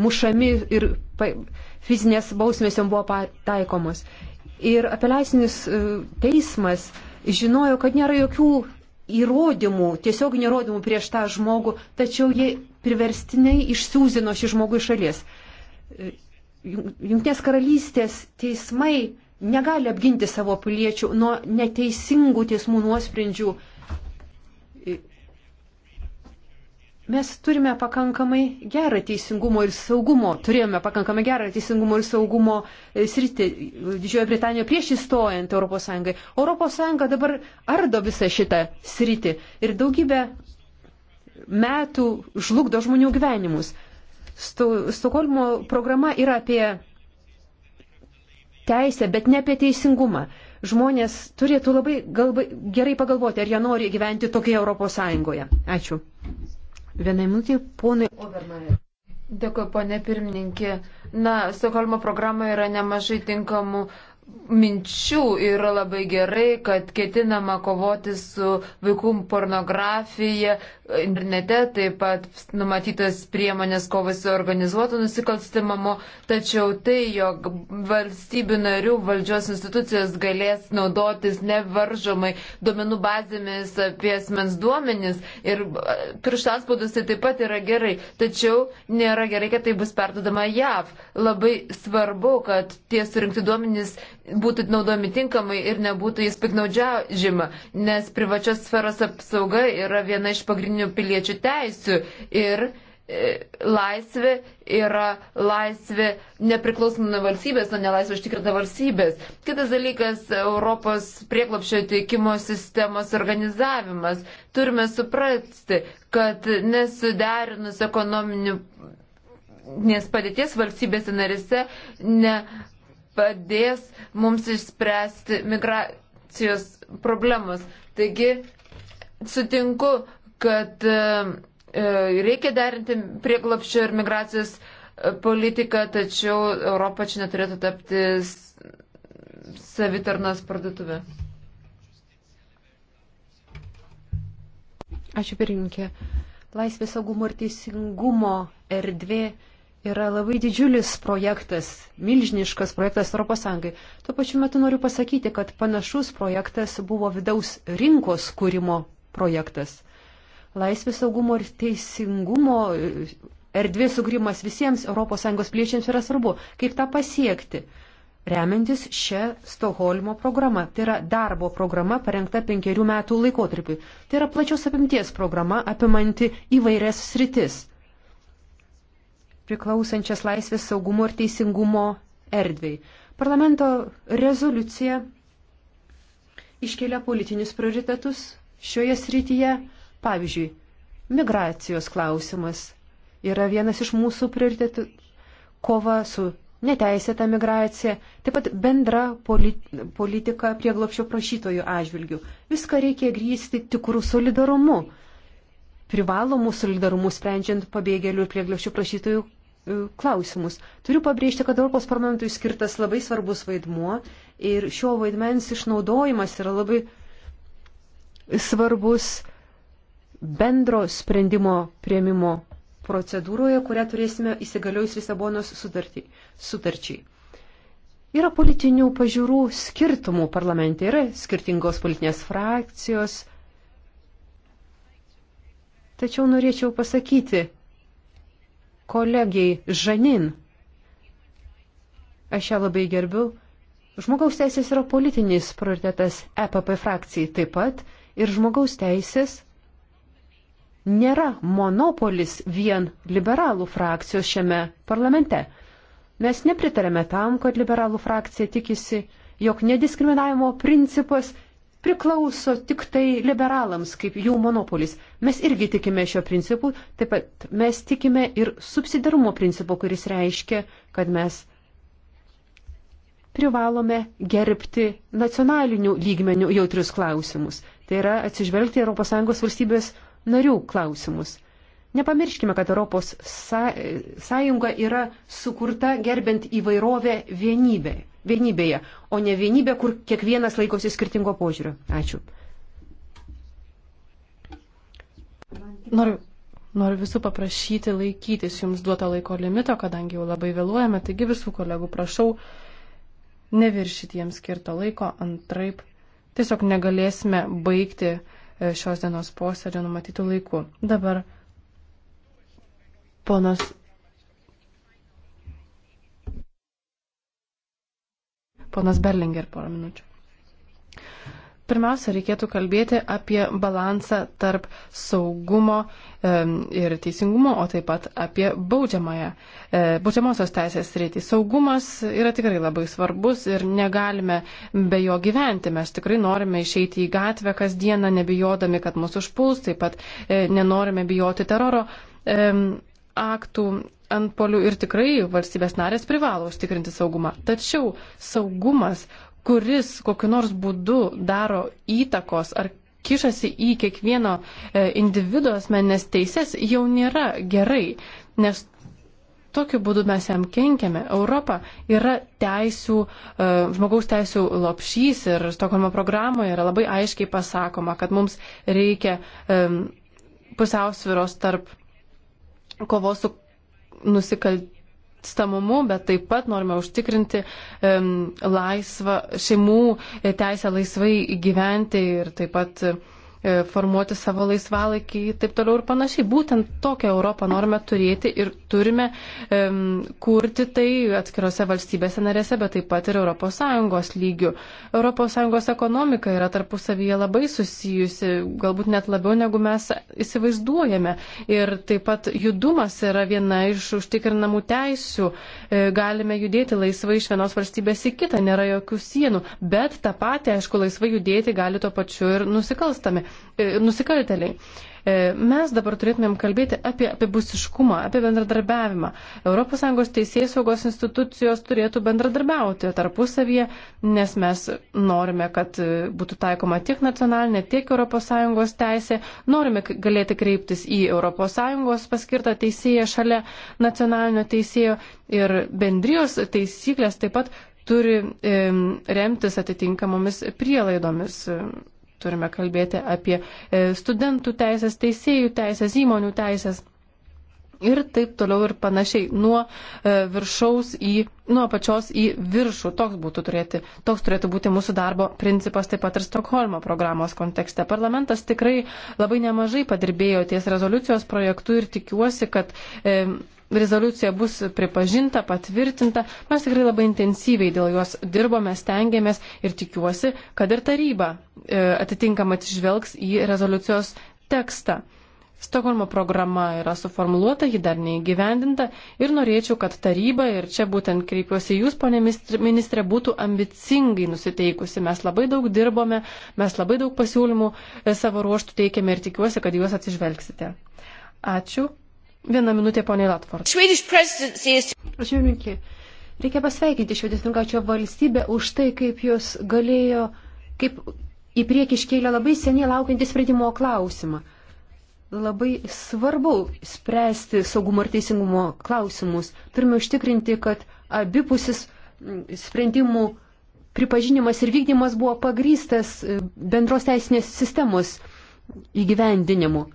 mušami ir fizinės bausmės jam buvo taikomos. Ir apeliacinis e, teismas žinojo, kad nėra jokių įrodymų, tiesiog nerodymų prieš tą žmogų, tačiau jie priverstinai išsiūzino šį žmogų iš šalies. Junktinės karalystės teismai negali apginti savo piliečių nuo neteisingų teismų nuosprendžių. Mes turime pakankamai gerą teisingumo ir saugumo, turėjome pakankamai gerą teisingumo ir saugumo e, sritį Didžiojo Britanijoje prieš įstojant ES. ES dabar ardo visą šitą sritį ir daugybę metų žlugdo žmonių gyvenimus. Stokholmo programa yra apie teisę, bet ne apie teisingumą. Žmonės turėtų labai galba, gerai pagalvoti, ar jie nori gyventi tokioje Europos Sąjungoje. Ačiū. Vienai minutė, ponai Overmaier. Dėkui, ponė pirmininkė. Na, Stokholmo programoje yra nemažai tinkamų uh, minčių yra labai gerai, kad ketinama kovoti su vaikų pornografija internete, taip pat numatytas priemonės kovai su organizuotu nusikalstimamu, tačiau tai, jog valstybių narių valdžios institucijos galės naudotis nevaržomai duomenų bazėmis apie asmens duomenis ir e, pirštaspaudus tai taip pat yra gerai, tačiau nėra gerai, kad tai bus perdodama JAV. Labai svarbu, kad tie surinkti duomenys būtų naudojami tinkamai ir nebūtų jis piknaudžiažima, nes privačios sferos apsauga yra viena iš pagrindinių piliečių teisių ir e, laisvė yra laisvė nepriklausoma nuo valstybės, o nelaisvė užtikrinta valstybės. Kitas dalykas - Europos prieklapšio teikimo sistemos organizavimas. Turime suprasti, kad nesuderinus ekonominių nes padėties valstybėse narise ne padės mums išspręsti migracijos problemas. Taigi sutinku, kad e, e, reikia derinti prieglapščio ir migracijos e, politiką, tačiau Europa čia neturėtų tapti savitarnos parduotuvė. Ačiū pirinkė. Laisvės saugumo ir teisingumo erdvė yra labai didžiulis projektas, milžiniškas projektas ES. Tuo pačiu metu noriu pasakyti, kad panašus projektas buvo vidaus rinkos kūrimo projektas. Laisvės saugumo ir teisingumo e, erdvės sugrimas visiems ES piliečiams yra svarbu. Kaip tą pasiekti? Remiantis šią Stoholmo programą. Tai yra darbo programa parengta penkerių metų laikotarpiu. Tai yra plačios apimties programa apimanti įvairias sritis priklausančias laisvės saugumo ir teisingumo erdviai. Parlamento rezoliucija iškelia politinius prioritetus šioje srityje. Pavyzdžiui, migracijos klausimas yra vienas iš mūsų prioritetų. Kova su neteisėta migracija, taip pat bendra politika prieglopšio prašytojų atžvilgių. Viską reikia grįsti tikrų solidarumu privalomų solidarumų sprendžiant pabėgėlių ir prieglaušių prašytojų E, klausimus. Turiu pabrėžti, kad Europos parlamentui skirtas labai svarbus vaidmuo ir šio vaidmens išnaudojimas yra labai svarbus bendro sprendimo prieimimo procedūroje, kurią turėsime įsigaliojus Lisabonos sutarčiai. Yra politinių pažiūrų skirtumų parlamente, yra skirtingos politinės frakcijos. Tačiau norėčiau pasakyti, kolegiai Žanin. Aš ją labai gerbiu. Žmogaus teisės yra politinis prioritetas EPP frakcijai taip pat ir žmogaus teisės nėra monopolis vien liberalų frakcijos šiame parlamente. Mes nepritarėme tam, kad liberalų frakcija tikisi, jog nediskriminavimo principas priklauso tik tai liberalams, kaip jų monopolis. Mes irgi tikime šio principu, taip pat mes tikime ir subsidarumo principu, kuris reiškia, kad mes privalome gerbti nacionalinių lygmenių jautrius klausimus. Tai yra atsižvelgti ES valstybės narių klausimus. Nepamirškime, kad Europos sąjunga yra sukurta gerbent įvairovę vienybę vienybėje, o ne vienybė, kur kiekvienas laikosi skirtingo požiūrio. Ačiū. Noriu, noriu visų paprašyti laikytis jums duoto laiko limito, kadangi jau labai vėluojame, taigi visų kolegų prašau neviršyti jiems skirto laiko, antraip tiesiog negalėsime baigti e, šios dienos posėdžio numatytų laikų. Dabar ponas Ponas Berlinger, porą minučių. Pirmiausia, reikėtų kalbėti apie balansą tarp saugumo ir teisingumo, o taip pat apie baudžiamąją, e, baudžiamosios teisės rytį. Saugumas yra tikrai labai svarbus ir negalime be jo gyventi. Mes tikrai norime išeiti į gatvę kasdieną, nebijodami, kad mus užpuls, taip pat e, nenorime bijoti teroro aktų antpolių ir tikrai valstybės narės privalo užtikrinti saugumą. Tačiau saugumas, kuris kokiu nors būdu daro įtakos ar kišasi į kiekvieno e, individuo asmenės teises, jau nėra gerai, nes tokiu būdu mes jam kenkiame. Europa yra teisių, e, žmogaus teisių lopšys ir Stokholmo programoje yra labai aiškiai pasakoma, kad mums reikia pusiausviros tarp kovos su nusikalstamumu, bet taip pat norime užtikrinti um, laisvą šeimų teisę laisvai gyventi ir taip pat um, E, formuoti savo laisvalaikį ir taip toliau ir panašiai. Būtent tokią Europą norime turėti ir turime um, kurti tai atskirose valstybėse narėse, bet taip pat ir ES lygių. ES ekonomika yra tarpusavyje labai susijusi, galbūt net labiau negu mes įsivaizduojame. Ir taip pat judumas yra viena iš užtikrinamų teisių. E, galime judėti laisvai iš vienos valstybės į kitą, nėra jokių sienų. Bet tą patį, aišku, laisvai judėti gali tuo pačiu ir nusikalstami E, nusikalteliai. E, mes dabar turėtumėm kalbėti apie apibusiškumą, apie bendradarbiavimą. ES teisės saugos institucijos turėtų bendradarbiauti tarpusavyje, nes mes norime, kad e, būtų taikoma tiek nacionalinė, tiek ES teisė, norime galėti kreiptis į ES paskirtą teisėją šalia nacionalinio teisėjo ir bendrijos taisyklės taip pat turi remtis atitinkamomis prielaidomis Turime kalbėti apie e, studentų teisės, teisėjų teisės, įmonių teisės ir taip toliau ir panašiai. Nuo e, viršaus į, nuo apačios į viršų. Toks, būtų turėti, toks turėtų būti mūsų darbo principas taip pat ir Stokholmo programos kontekste. Parlamentas tikrai labai nemažai padirbėjo ties rezoliucijos projektu ir tikiuosi, kad e, rezoliucija bus pripažinta, patvirtinta. Mes tikrai labai intensyviai dėl jos dirbome, stengiamės ir tikiuosi, kad ir taryba e, atitinkamai atsižvelgs į rezoliucijos tekstą. Stokholmo programa yra suformuoluota, ji dar neįgyvendinta ir norėčiau, kad taryba, ir čia būtent kreipiuosi jūs, ponė ministrė, būtų ambicingai nusiteikusi. Mes labai daug dirbome, mes labai daug pasiūlymų e, savo ruoštų teikėme ir tikiuosi, kad juos atsižvelgsite. Ačiū. Vieną minutę, ponė Latvart. Žiūrinkė, reikia pasveikinti švedės nugačio valstybę už tai, kaip jūs galėjo, kaip į priekį iškėlė labai seniai laukiantį sprendimo klausimą. Labai svarbu spręsti saugumo ir teisingumo klausimus. Turime užtikrinti, kad abipusis sprendimų pripažinimas ir vykdymas buvo pagrystas e, bendros teisinės sistemos įgyvendinimu.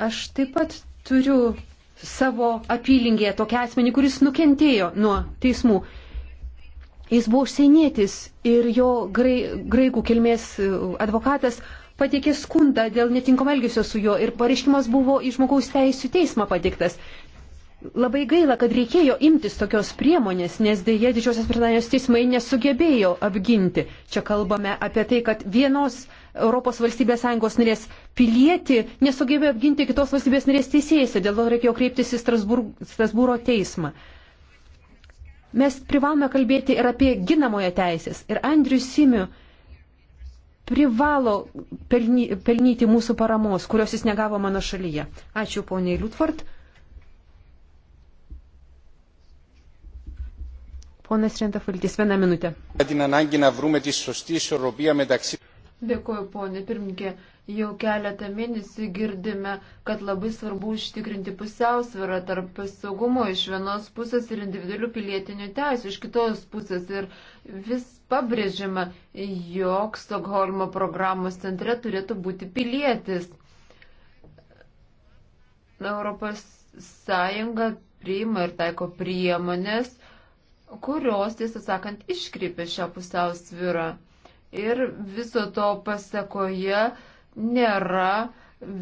Aš taip pat turiu savo apylinkėje tokią asmenį, kuris nukentėjo nuo teismų. Jis buvo užsienietis ir jo graikų kilmės e, advokatas pateikė skundą dėl netinkamo elgesio su juo ir pareiškimas buvo į žmogaus teisų teismą pateiktas. Labai gaila, kad reikėjo imtis tokios priemonės, nes dėje Didžiosios Britanijos teismai nesugebėjo apginti. Čia kalbame apie tai, kad vienos Europos valstybės sąjungos narės pilietį nesugebėjo apginti kitos valstybės narės teisėjose, dėl to reikėjo kreiptis į Strasbūro teismą. Mes privalome kalbėti ir apie ginamojo teisės. Ir Andrius Simiu privalo pelny, pelnyti mūsų paramos, kurios jis negavo mano šalyje. Ačiū poniai Liutford. Ponas Rentafaltis, vieną minutę. Dėkuoju, ponė pirmininkė. Jau keletą mėnesių girdime, kad labai svarbu užtikrinti pusiausvyrą tarp saugumo iš vienos pusės ir individualių pilietinių teisų iš kitos pusės. Ir vis pabrėžiama, jog Stokholmo programos centre turėtų būti pilietis. Europos Sąjunga priima ir taiko priemonės, kurios, tiesą sakant, iškreipia šią pusiausvyrą ir viso to pasakoje nėra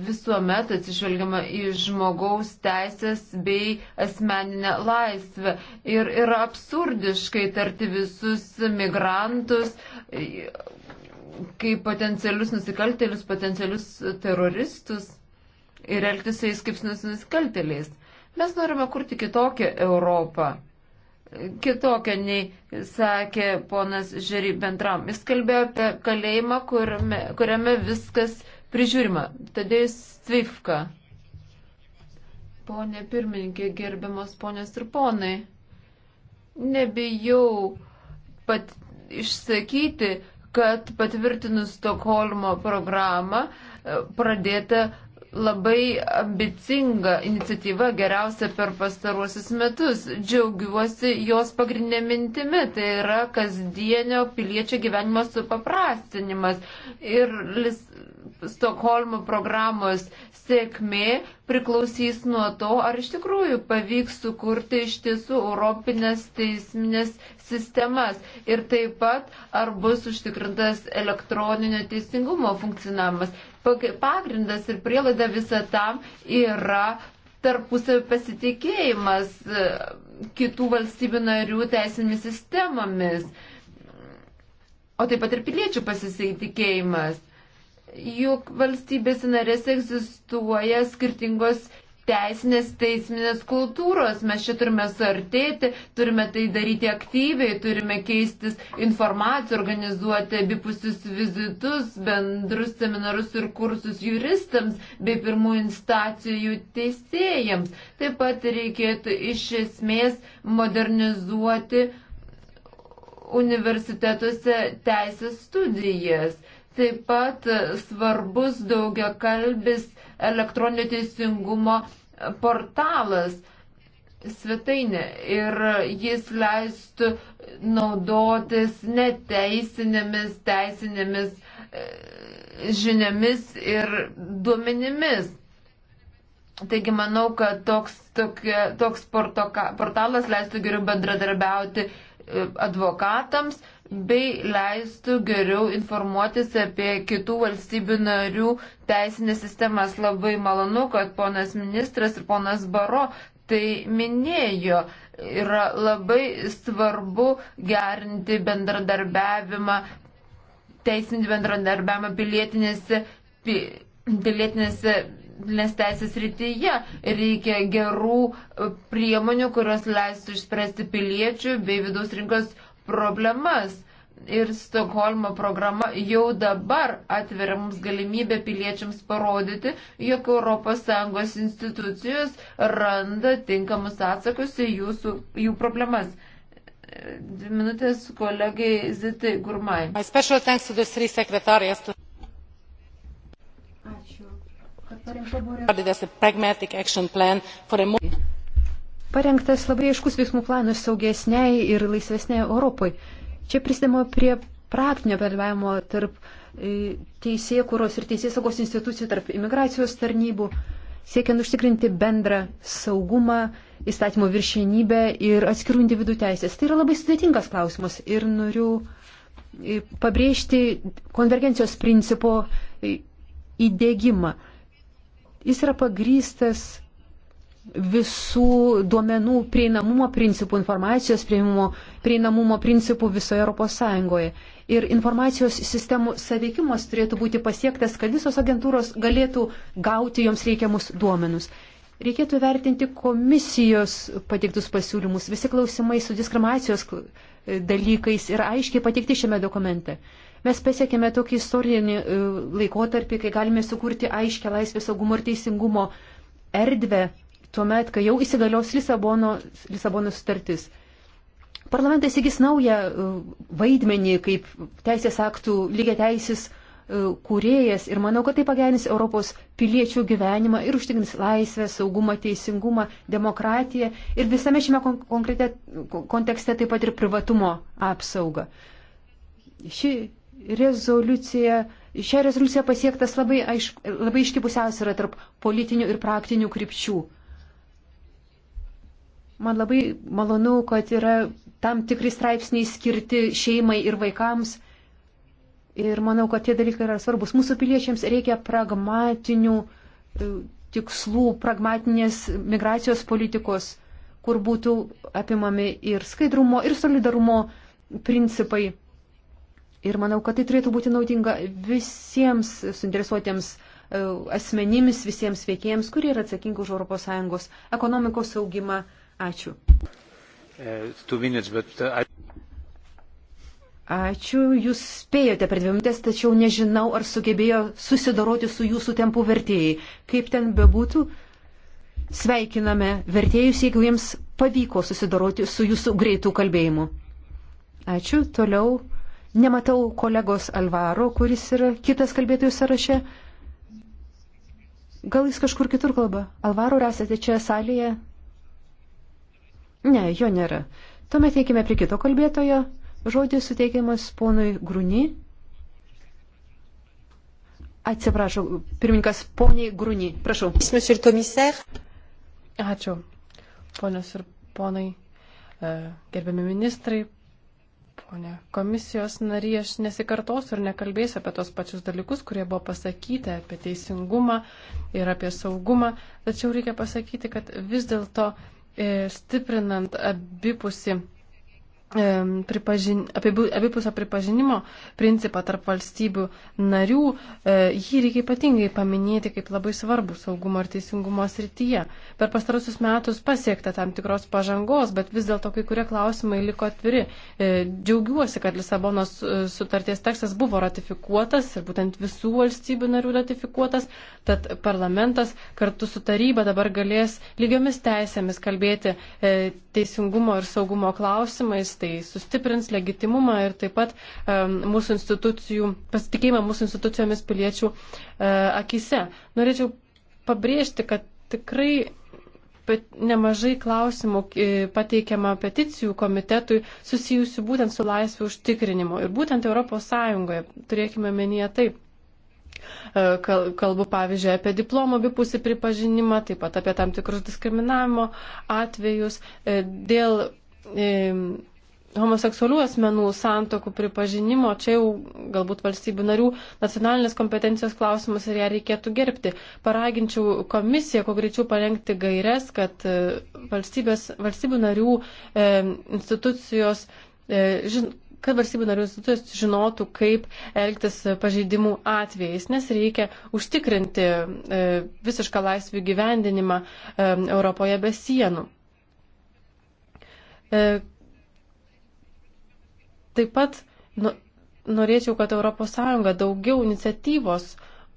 visuomet atsižvelgiama į žmogaus teisės bei asmeninę laisvę. Ir yra absurdiškai tarti visus migrantus kaip potencialius nusikaltelius, potencialius teroristus ir elgtis su jais kaip su nusikalteliais. Mes norime kurti kitokią Europą kitokia nei sakė ponas Žerį Bentram. Jis kalbėjo apie kalėjimą, kuriame, kuriame viskas prižiūrima. Tadėjus Cvifka. Pone pirmininkė, gerbiamos ponės ir ponai, nebijau pat išsakyti, kad patvirtinus Stokholmo programą e, pradėta labai ambicinga iniciatyva geriausia per pastaruosius metus. Džiaugiuosi jos pagrindinė mintimi, tai yra kasdienio piliečio gyvenimo supaprastinimas. Ir Stokholmo programos sėkmė priklausys nuo to, ar iš tikrųjų pavyks sukurti iš tiesų Europinės teisminės sistemas ir taip pat, ar bus užtikrintas elektroninio teisingumo funkcionavimas. Pagrindas ir prielaida visą tam yra tarpusavio pasitikėjimas e, kitų valstybių narių teisinėmis sistemomis, o taip pat ir piliečių pasitikėjimas juk valstybės narės egzistuoja skirtingos teisinės teisminės kultūros. Mes čia turime sartėti, turime tai daryti aktyviai, turime keistis informaciją, organizuoti abipusius vizitus, bendrus seminarus ir kursus juristams bei pirmų instacijų teisėjams. Taip pat reikėtų iš esmės modernizuoti universitetuose teisės studijas taip pat svarbus daugia kalbis elektroninio teisingumo portalas svetainė ir jis leistų naudotis neteisinėmis teisinėmis e, žiniomis ir duomenimis. Taigi manau, kad toks, tokia, toks portoka, portalas leistų geriau bendradarbiauti e, advokatams, bei leistų geriau informuotis apie kitų valstybių narių teisinės sistemas. Labai malonu, kad ponas ministras ir ponas Baro tai minėjo. Yra labai svarbu gerinti bendradarbiavimą, teisinį bendradarbiavimą pilietinėse, pilietinėse civilinės teisės rytyje reikia gerų priemonių, kurios leistų išspręsti piliečių bei vidaus rinkos problemas. Ir Stokholmo programa jau dabar atveria mums galimybę piliečiams parodyti, jog ES institucijos randa tinkamus atsakus į jūsų, jų problemas. Dvi minutės kolegai Zitai Gurmai. Ačiū. Parengta buvo parengtas labai aiškus veiksmų planas saugesniai ir laisvesniai Europai. Čia prisidama prie praktinio bendravimo tarp e, teisėjų kuros ir teisėjų saugos institucijų, tarp imigracijos tarnybų, siekiant užtikrinti bendrą saugumą, įstatymo viršienybę ir atskirų individų teisės. Tai yra labai sudėtingas klausimas ir noriu e, pabrėžti konvergencijos principo e, įdėgymą. Jis yra pagrystas visų duomenų prieinamumo principų, informacijos prieinamumo principų visoje ES. Ir informacijos sistemų saveikimas turėtų būti pasiektas, kad visos agentūros galėtų gauti joms reikiamus duomenus. Reikėtų vertinti komisijos pateiktus pasiūlymus. Visi klausimai su diskriminacijos dalykais yra aiškiai pateikti šiame dokumente. Mes pasiekėme tokį istorinį e, laikotarpį, kai galime sukurti aiškę laisvės saugumo ir teisingumo erdvę tuomet, kai jau įsigalios Lisabono, Lisabono sutartis. Parlamentas įgis naują uh, vaidmenį kaip teisės aktų lygiai teisės uh, kūrėjas ir manau, kad tai pagerins Europos piliečių gyvenimą ir užtikrins laisvę, saugumą, teisingumą, demokratiją ir visame šiame konkrete, kontekste taip pat ir privatumo apsaugą. Ši rezoliucija, šią rezoliuciją pasiektas labai, aišk, labai iškipusiaus yra tarp politinių ir praktinių krypčių. Man labai malonu, kad yra tam tikri straipsniai skirti šeimai ir vaikams. Ir manau, kad tie dalykai yra svarbus. Mūsų piliečiams reikia pragmatinių e, tikslų, pragmatinės migracijos politikos, kur būtų apimami ir skaidrumo, ir solidarumo principai. Ir manau, kad tai turėtų būti naudinga visiems suinteresuotiems e, asmenims, visiems veikėjams, kurie yra atsakingi už ES ekonomikos saugimą Ačiū. Uh, uh, Ačiū, jūs spėjote per dvi minutės, tačiau nežinau, ar sugebėjo susidoroti su jūsų tempų vertėjai. Kaip ten bebūtų, sveikiname vertėjus, jeigu jiems pavyko susidoroti su jūsų greitų kalbėjimu. Ačiū, toliau nematau kolegos Alvaro, kuris yra kitas kalbėtojų sąraše. Gal jis kažkur kitur kalba? Alvaro, esate čia salėje? Ne, jo nėra. Tuomet teikime prie kito kalbėtojo. Žodis suteikiamas ponui Gruni. Atsiprašau, pirmininkas poniai Gruni. Prašau. Ačiū, ponios ir ponai, e, gerbiami ministrai, ponė komisijos narį, aš nesikartosiu ir nekalbėsiu apie tos pačius dalykus, kurie buvo pasakyti apie teisingumą ir apie saugumą, tačiau reikia pasakyti, kad vis dėlto e, E, stiprinant abipusi pripažin, abipusio pripažinimo principą tarp valstybių narių, e, jį reikia ypatingai paminėti kaip labai svarbų saugumo ir teisingumo srityje. Per pastarusius metus pasiekta tam tikros pažangos, bet vis dėlto kai kurie klausimai liko atviri. E, džiaugiuosi, kad Lisabonos e, sutarties tekstas buvo ratifikuotas ir būtent visų valstybių narių ratifikuotas, tad parlamentas kartu su taryba dabar galės lygiomis teisėmis kalbėti teisingumo ir saugumo klausimais tai sustiprins legitimumą ir taip pat mūsų institucijų, pasitikėjimą mūsų institucijomis piliečių e, akise. Norėčiau pabrėžti, kad tikrai nemažai klausimų e, pateikiama peticijų komitetui susijusių būtent su laisvių užtikrinimu. Ir būtent ES, turėkime menyje taip, e, Kalbu pavyzdžiui apie diplomo abipusį pripažinimą, taip pat apie tam tikrus diskriminavimo atvejus dėl homoseksualių asmenų santokų pripažinimo, čia jau galbūt valstybių narių nacionalinės kompetencijos klausimas ir ją reikėtų gerbti. Paraginčiau komisiją, kuo greičiau parengti gairias, kad e, valstybių narių e, institucijos, e, žin, kad valstybių narių institucijos žinotų, kaip elgtis pažeidimų atvejais, nes reikia užtikrinti e, visišką laisvių gyvendinimą e, Europoje be sienų. E, Taip pat nu, norėčiau, kad ES daugiau iniciatyvos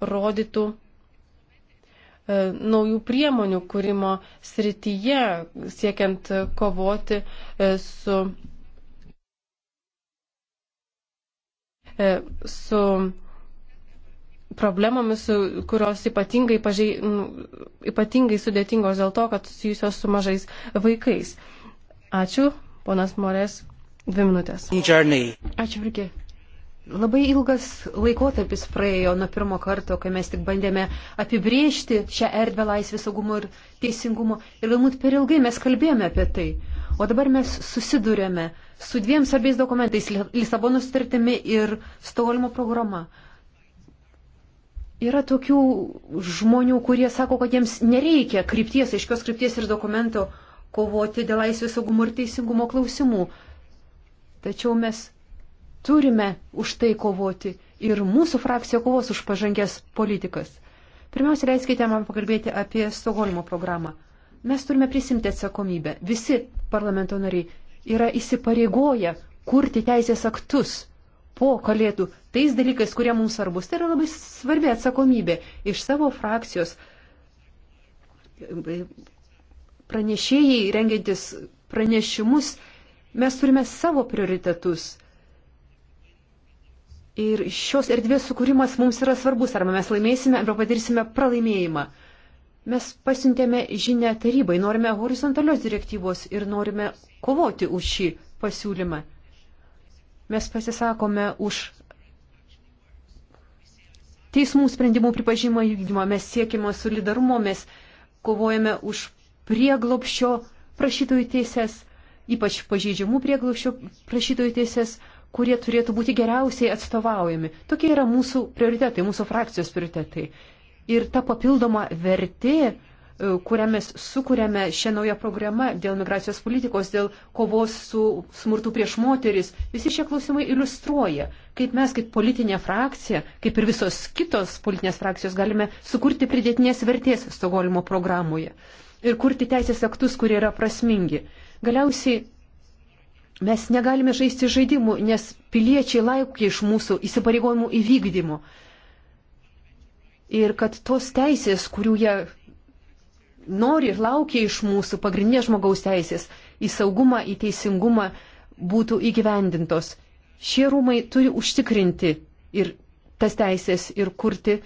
rodytų e, naujų priemonių kūrimo srityje, siekiant kovoti e, su, e, su problemomis, kurios ypatingai, pažei, nu, ypatingai sudėtingos dėl to, kad susijusios su mažais vaikais. Ačiū, ponas Morės. Dvi minutės. Journey. Ačiū, Virkė. Labai ilgas laikotarpis praėjo nuo pirmo karto, kai mes tik bandėme apibriežti šią erdvę laisvės saugumo ir teisingumo. Ir galbūt per ilgai mes kalbėjome apie tai. O dabar mes susidurėme su dviem svarbiais dokumentais - Lisabono sutartimi ir Stokholmo programa. Yra tokių žmonių, kurie sako, kad jiems nereikia krypties, aiškios krypties ir dokumento kovoti dėl laisvės saugumo ir teisingumo klausimų. Tačiau mes turime už tai kovoti ir mūsų frakcija kovos už pažangės politikas. Pirmiausia, leiskite man pakalbėti apie Stokholmo programą. Mes turime prisimti atsakomybę. Visi parlamento nariai yra įsipareigoję kurti teisės aktus po kalėdų tais dalykais, kurie mums svarbus. Tai yra labai svarbi atsakomybė iš savo frakcijos. Pranešėjai rengiantis pranešimus Mes turime savo prioritetus. Ir šios erdvės sukūrimas mums yra svarbus, arba mes laimėsime, arba patirsime pralaimėjimą. Mes pasiuntėme žinę tarybai, norime horizontalios direktyvos ir norime kovoti už šį pasiūlymą. Mes pasisakome už teismų sprendimų pripažymą vykdymą, mes siekime solidarumo, mes kovojame už prieglopšio prašytojų teises ypač pažeidžiamų prieglaušio prašytojų teisės, kurie turėtų būti geriausiai atstovaujami. Tokie yra mūsų prioritetai, mūsų frakcijos prioritetai. Ir ta papildoma vertė, e, kurią mes sukūrėme šią naują programą dėl migracijos politikos, dėl kovos su smurtu prieš moteris, visi šie klausimai iliustruoja, kaip mes kaip politinė frakcija, kaip ir visos kitos politinės frakcijos galime sukurti pridėtinės vertės Stogolimo programoje ir kurti teisės aktus, kurie yra prasmingi. Galiausiai mes negalime žaisti žaidimų, nes piliečiai laukia iš mūsų įsipareigojimų įvykdymų. Ir kad tos teisės, kurių jie nori ir laukia iš mūsų, pagrindinės žmogaus teisės į saugumą, į teisingumą, būtų įgyvendintos. Šie rūmai turi užtikrinti ir tas teisės ir kurti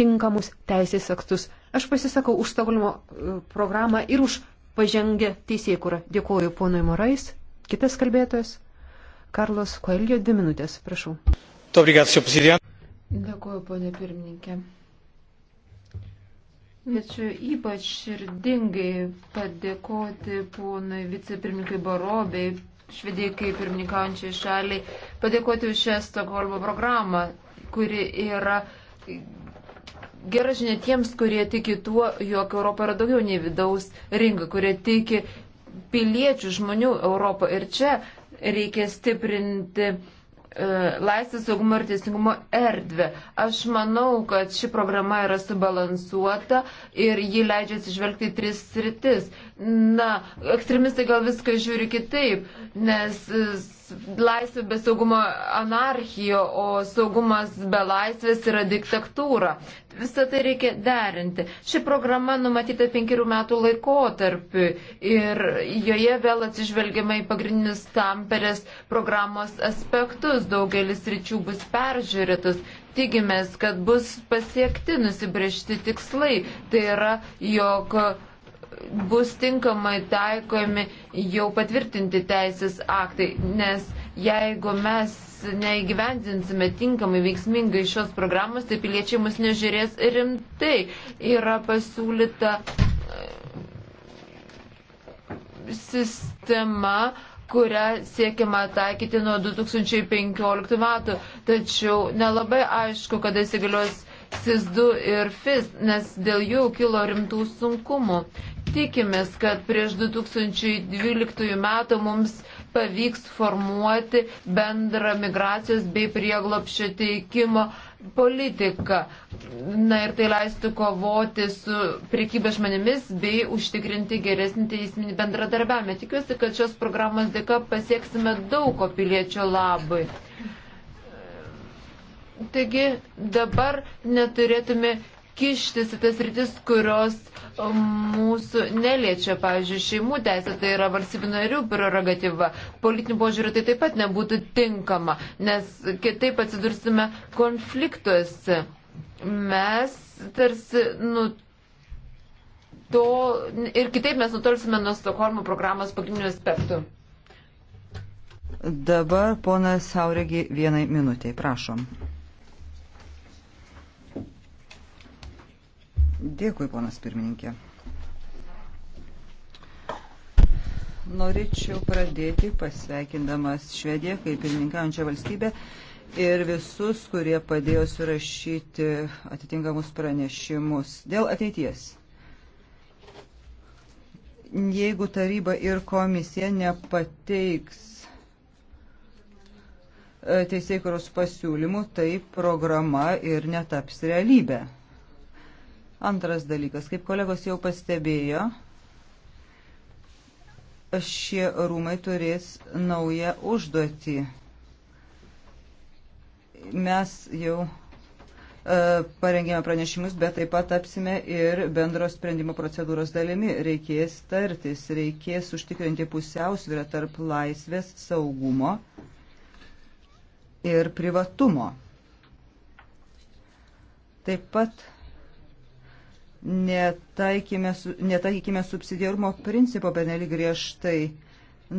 tinkamus teisės aktus. Aš pasisakau už Stokholmo e, programą ir už pažengę teisėkurą. Dėkuoju ponui Morais. Kitas kalbėtojas. Karlos Koelgio, dvi minutės, prašau. Dėkuoju, ponė pirmininkė. Norėčiau ypač širdingai padėkoti ponui vicepirmininkui Barobei, švedijai kaip pirmininkaujančiai šaliai, padėkoti už šią Stokholmo programą, kuri yra gera žinia tiems, kurie tiki tuo, jog Europa yra daugiau nei vidaus rinka, kurie tiki piliečių žmonių Europą. Ir čia reikia stiprinti e, laisvės saugumo ir teisingumo erdvę. Aš manau, kad ši programa yra subalansuota ir ji leidžia atsižvelgti į tris sritis. Na, ekstremistai gal viską žiūri kitaip, nes e, laisvė be saugumo anarchija, o saugumas be laisvės yra diktatūra visą tai reikia derinti. Ši programa numatyta penkerių metų laikotarpiu ir joje vėl atsižvelgiama į pagrindinius tamperės programos aspektus. Daugelis ryčių bus peržiūrėtas. Tikimės, kad bus pasiekti nusibriežti tikslai. Tai yra, jog bus tinkamai taikomi jau patvirtinti teisės aktai, nes Jeigu mes neįgyvendinsime tinkamai veiksmingai šios programos, tai piliečiai mus nežiūrės rimtai. Yra pasiūlyta e, sistema, kurią siekiama taikyti nuo 2015 metų, tačiau nelabai aišku, kada įsigalios SIS2 ir FIS, nes dėl jų kilo rimtų sunkumų. Tikimės, kad prieš 2012 metų mums pavyks formuoti bendrą migracijos bei prieglopščio teikimo politiką. Na ir tai leistų kovoti su priekybė žmonėmis bei užtikrinti geresnį teisminį bendradarbiavimą. Tikiuosi, kad šios programos dėka pasieksime daug ko piliečio labai. Taigi dabar neturėtume kištis į tas rytis, kurios um, mūsų neliečia, pavyzdžiui, šeimų teisė, tai yra valstybinio narių prerogatyva. Politinių požiūrių tai taip pat nebūtų tinkama, nes kitaip atsidursime konfliktuose. Mes tarsi, nu, to ir kitaip mes nutolsime nuo Stokholmo programos pagrindinių aspektų. Dabar ponas Sauregi vienai minutiai, prašom. Dėkui, ponas pirmininkė. Norėčiau pradėti pasveikindamas Švediją kaip pirmininkaujančią valstybę ir visus, kurie padėjo surašyti atitinkamus pranešimus dėl ateities jeigu taryba ir komisija nepateiks e, teisėkuros pasiūlymų, tai programa ir netaps realybė. Antras dalykas, kaip kolegos jau pastebėjo, šie rūmai turės naują užduotį. Mes jau e, parengėme pranešimus, bet taip pat tapsime ir bendro sprendimo procedūros dalimi. Reikės tartis, reikės užtikrinti pusiausvyrą tarp laisvės, saugumo ir privatumo. Taip pat netaikykime, netaikykime subsidiarumo principo benelį griežtai.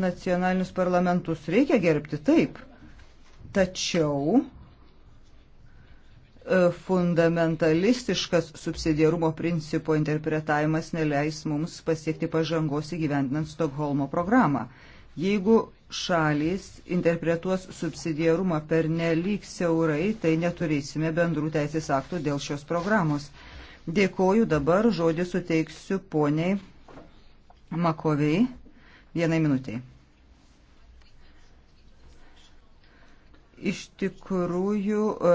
Nacionalinius parlamentus reikia gerbti taip, tačiau e, fundamentalistiškas subsidiarumo principo interpretavimas neleis mums pasiekti pažangos įgyvendinant Stokholmo programą. Jeigu šalys interpretuos subsidiarumą per nelik siaurai, tai neturėsime bendrų teisės aktų dėl šios programos. Dėkoju dabar, žodį suteiksiu poniai Makoviai vienai minutiai. Iš tikrųjų, e,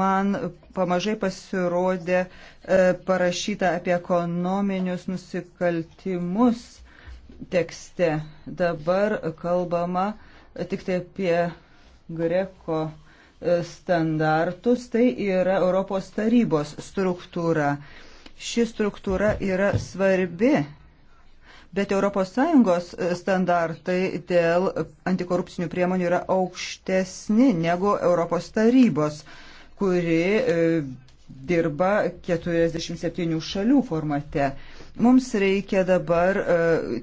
man pamažai pasirodė e, parašyta apie ekonominius nusikaltimus tekste. Dabar kalbama tik tai apie greko standartus, tai yra Europos tarybos struktūra. Ši struktūra yra svarbi, bet ES standartai dėl antikorupcinių priemonių yra aukštesni negu Europos tarybos, kuri e, dirba 47 šalių formate. Mums reikia dabar e,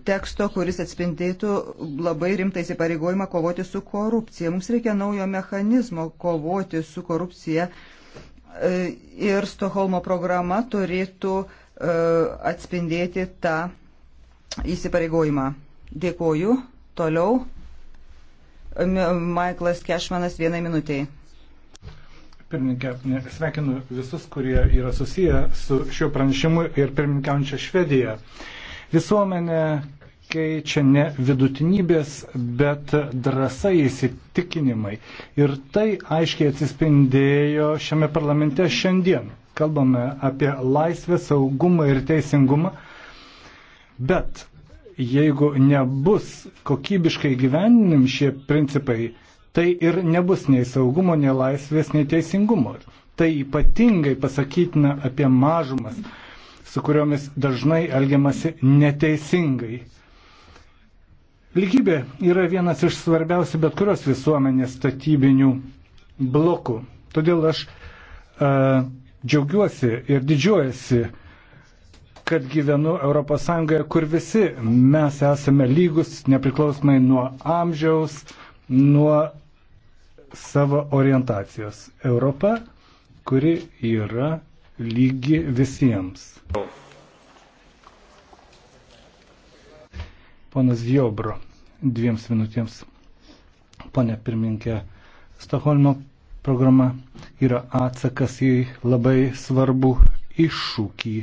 teksto, kuris atspindėtų labai rimtą įsipareigojimą kovoti su korupcija. Mums reikia naujo mechanizmo kovoti su korupcija e, ir Stoholmo programa turėtų e, atspindėti tą įsipareigojimą. Dėkoju. Toliau. Michaelas Kešmanas vienai minutiai. Pirmininkė, sveikinu visus, kurie yra susiję su šiuo pranešimu ir pirmininkiaujančia Švedija. Visuomenė keičia ne vidutinybės, bet drąsa įsitikinimai. Ir tai aiškiai atsispindėjo šiame parlamente šiandien. Kalbame apie laisvę, saugumą ir teisingumą. Bet jeigu nebus kokybiškai gyvenim šie principai, tai ir nebus nei saugumo, nei laisvės, nei teisingumo. Tai ypatingai pasakytina apie mažumas, su kuriomis dažnai elgiamasi neteisingai. Lygybė yra vienas iš svarbiausių bet kurios visuomenės statybinių blokų. Todėl aš uh, džiaugiuosi ir didžiuojasi, kad gyvenu ES, kur visi mes esame lygus, nepriklausomai nuo amžiaus, nuo savo orientacijos. Europa, kuri yra lygi visiems. Ponas Jobro, dviems minutėms. Pone pirminkė, Stokholmo programa yra atsakas į labai svarbų iššūkį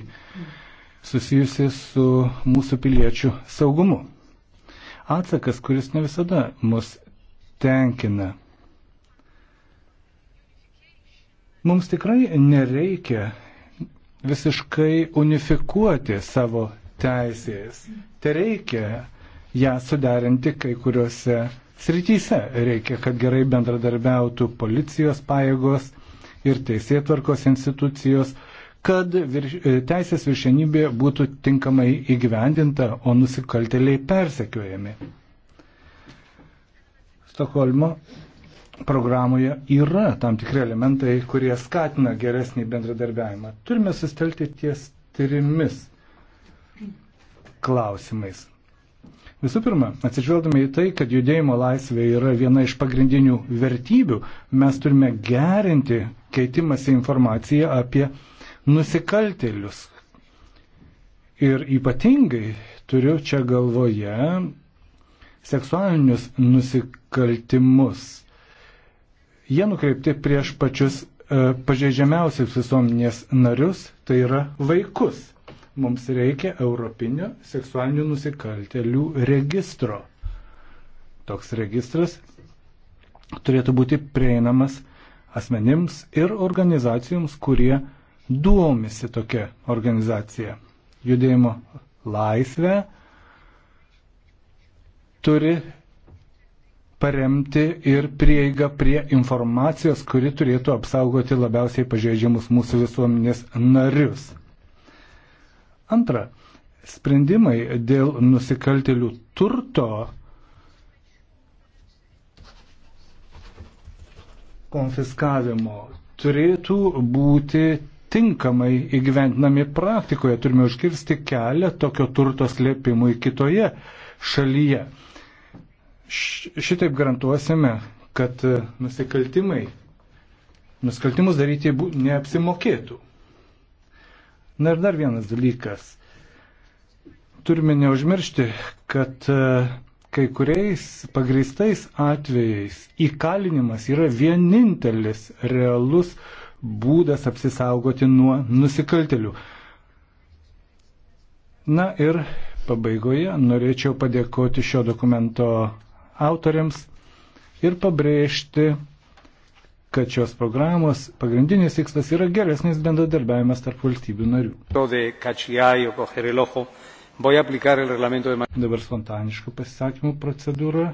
susijusi su mūsų piliečių saugumu. Atsakas, kuris ne visada mus tenkina. Mums tikrai nereikia visiškai unifikuoti savo teisės. Te reikia ją suderinti kai kuriuose srityse. Reikia, kad gerai bendradarbiautų policijos pajėgos ir teisėtvarkos institucijos, kad virš, e, teisės viršenybė būtų tinkamai įgyvendinta, o nusikalteliai persekiojami. Stokholmo programoje yra tam tikri elementai, kurie skatina geresnį bendradarbiavimą. Turime sustelti ties trimis klausimais. Visų pirma, atsižvelgdami į tai, kad judėjimo laisvė yra viena iš pagrindinių vertybių, mes turime gerinti keitimąsi informaciją apie nusikaltėlius. Ir ypatingai turiu čia galvoje seksualinius nusikaltimus jie nukreipti prieš pačius e, pažeidžiamiausius visuomenės narius, tai yra vaikus. Mums reikia Europinio seksualinių nusikaltelių registro. Toks registras turėtų būti prieinamas asmenims ir organizacijoms, kurie duomisi tokia organizacija. Judėjimo laisvę turi paremti ir prieigą prie informacijos, kuri turėtų apsaugoti labiausiai pažeidžiamus mūsų visuomenės narius. Antra, sprendimai dėl nusikaltelių turto konfiskavimo turėtų būti tinkamai įgyventinami praktikoje. Turime užkirsti kelią tokio turto slėpimui kitoje šalyje. Šitaip garantuosime, kad e, nusikaltimai, nusikaltimus daryti neapsimokėtų. Na ir dar vienas dalykas. Turime neužmiršti, kad e, kai kuriais pagristais atvejais įkalinimas yra vienintelis realus būdas apsisaugoti nuo nusikaltelių. Na ir pabaigoje norėčiau padėkoti šio dokumento autoriams ir pabrėžti, kad šios programos pagrindinis tikslas yra geresnis bendradarbiavimas tarp valstybių narių. Dabar spontaniškų pasisakymų procedūra.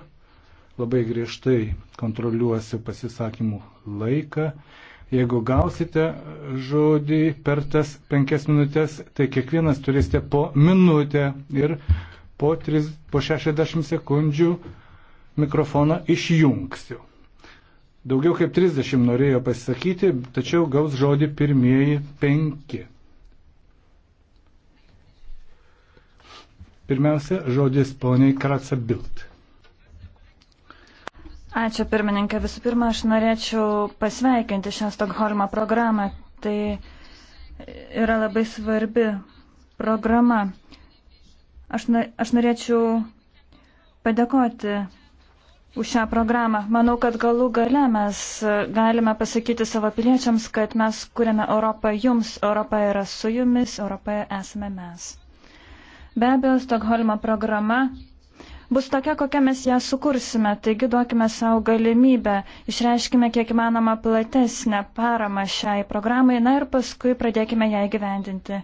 Labai griežtai kontroliuosiu pasisakymų laiką. Jeigu gausite žodį per tas penkias minutės, tai kiekvienas turėsite po minutę ir po, 3, po 60 sekundžių mikrofoną išjungsiu. Daugiau kaip 30 norėjo pasisakyti, tačiau gaus žodį pirmieji penki. Pirmiausia, žodis poniai Kratsa Bilt. Ačiū pirmininkė. Visų pirma, aš norėčiau pasveikinti šią Stokholmo programą. Tai yra labai svarbi programa. Aš, na, aš norėčiau padėkoti už šią programą. Manau, kad galų gale mes e, galime pasakyti savo piliečiams, kad mes kuriame Europą jums, Europa yra su jumis, Europoje esame mes. Be abejo, Stokholmo programa bus tokia, kokią mes ją sukursime, taigi duokime savo galimybę, išreiškime kiek įmanoma platesnę paramą šiai programai, na ir paskui pradėkime ją įgyvendinti.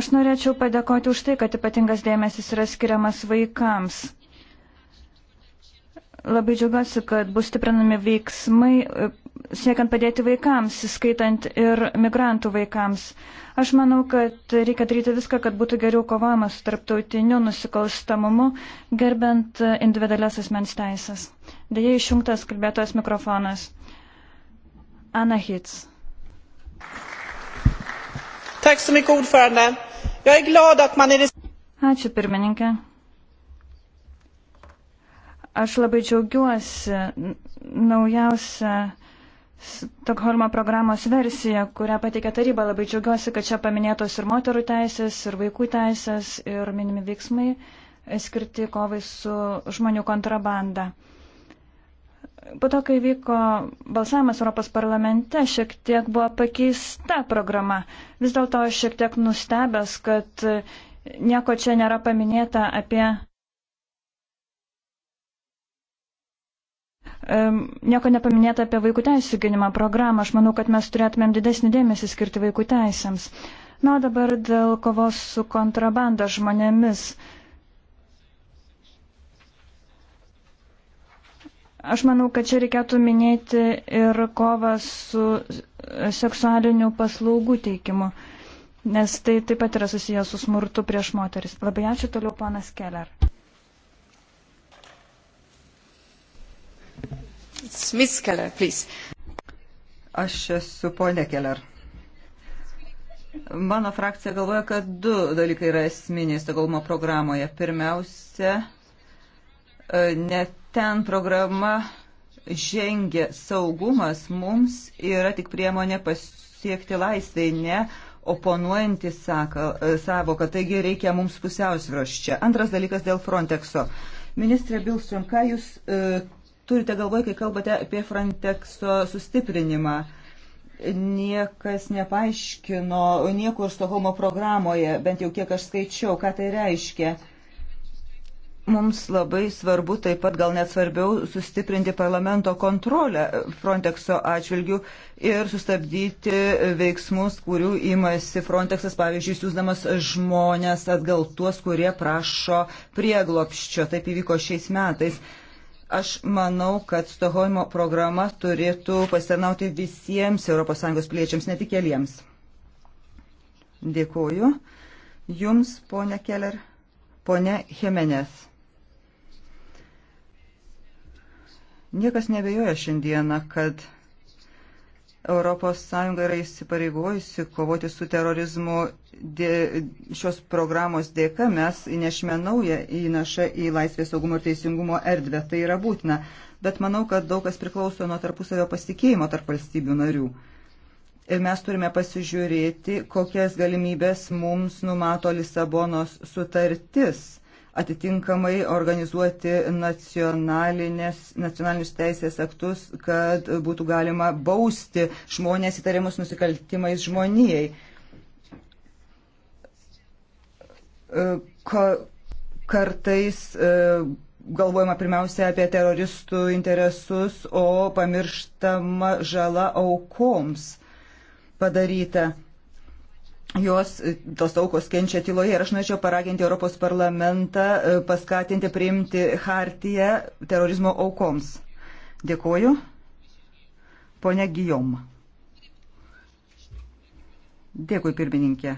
Aš norėčiau padėkoti už tai, kad ypatingas dėmesys yra skiriamas vaikams. Labai džiaugiuosi, kad bus stiprinami veiksmai e, siekiant padėti vaikams, skaitant ir migrantų vaikams. Aš manau, kad reikia daryti viską, kad būtų geriau kovojama su tarptautiniu nusikalstamumu, gerbent individualias asmens teisės. Deja, išjungtas kalbėtojas mikrofonas. Anna Hitz. Ačiū pirmininkė. Aš labai džiaugiuosi naujausią Stokholmo programos versiją, kurią pateikė taryba. Labai džiaugiuosi, kad čia paminėtos ir moterų teisės, ir vaikų teisės, ir minimi veiksmai skirti kovai su žmonių kontrabanda. Po to, kai vyko balsavimas Europos parlamente, šiek tiek buvo pakeista programa. Vis dėlto aš šiek tiek nustebęs, kad nieko čia nėra paminėta apie nieko nepaminėta apie vaikų teisų gynimą programą. Aš manau, kad mes turėtumėm didesnį dėmesį skirti vaikų teisėms. Na, o dabar dėl kovos su kontrabanda žmonėmis. Aš manau, kad čia reikėtų minėti ir kovą su e, seksualiniu paslaugų teikimu, nes tai taip pat yra susijęs su smurtu prieš moteris. Labai ačiū toliau, ponas Keller. Smith Keller, please. Aš esu ponė Keller. Mano frakcija galvoja, kad du dalykai yra esminiai Stokholmo programoje. Pirmiausia, e, net ten programa žengia saugumas mums yra tik priemonė pasiekti laisvėj, ne oponuojantį e, savoką. Taigi reikia mums pusiausvros čia. Antras dalykas dėl Frontexo. Ministrė Bilson, ką jūs e, turite galvoje, kai kalbate apie Frontexo sustiprinimą? Niekas nepaaiškino niekur Stokholmo programoje, bent jau kiek aš skaičiau, ką tai reiškia. Mums labai svarbu, taip pat gal net svarbiau, sustiprinti parlamento kontrolę Frontexo atžvilgių ir sustabdyti veiksmus, kurių imasi Frontexas, pavyzdžiui, siūsdamas žmonės atgal tuos, kurie prašo prieglopščio. Taip įvyko šiais metais. Aš manau, kad Stoholmo programa turėtų pasitarnauti visiems ES piliečiams, ne tik keliems. Dėkuoju. Jums, ponia Keller, ponia Jimenez. Niekas nebejoja šiandieną, kad ES yra įsipareigojusi kovoti su terorizmu dė, šios programos dėka. Mes įnešime naują įnašą į laisvės saugumo ir teisingumo erdvę. Tai yra būtina. Bet manau, kad daug kas priklauso nuo tarpusavio pasitikėjimo tarp valstybių narių. Ir mes turime pasižiūrėti, kokias galimybės mums numato Lisabonos sutartis atitinkamai organizuoti nacionalinius teisės aktus, kad būtų galima bausti žmonės įtariamus nusikaltimais žmonijai. E, Ka, kartais e, galvojama pirmiausia apie teroristų interesus, o pamirštama žala aukoms padaryta jos e, tos aukos kenčia tyloje ir aš norėčiau paraginti Europos parlamentą e, paskatinti priimti hartiją terorizmo aukoms. Dėkuoju. Pone Gijom. Dėkui, pirmininkė.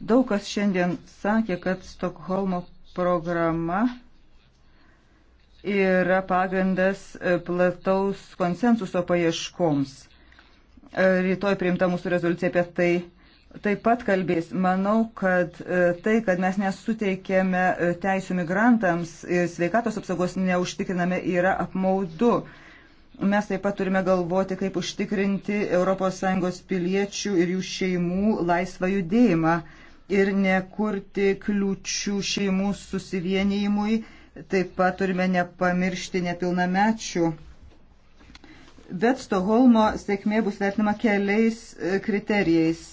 Daug kas šiandien sakė, kad Stokholmo programa yra pagrindas e, plataus konsensuso paieškoms. Rytoj priimta mūsų rezoliucija apie tai taip pat kalbės. Manau, kad e, tai, kad mes nesuteikėme e, teisų migrantams ir sveikatos apsaugos neužtikriname, yra apmaudu. Mes taip pat turime galvoti, kaip užtikrinti ES piliečių ir jų šeimų laisvą judėjimą ir nekurti kliūčių šeimų susivienijimui. Taip pat turime nepamiršti nepilnamečių. Bet Stoholmo sėkmė bus vertinama keliais e, kriterijais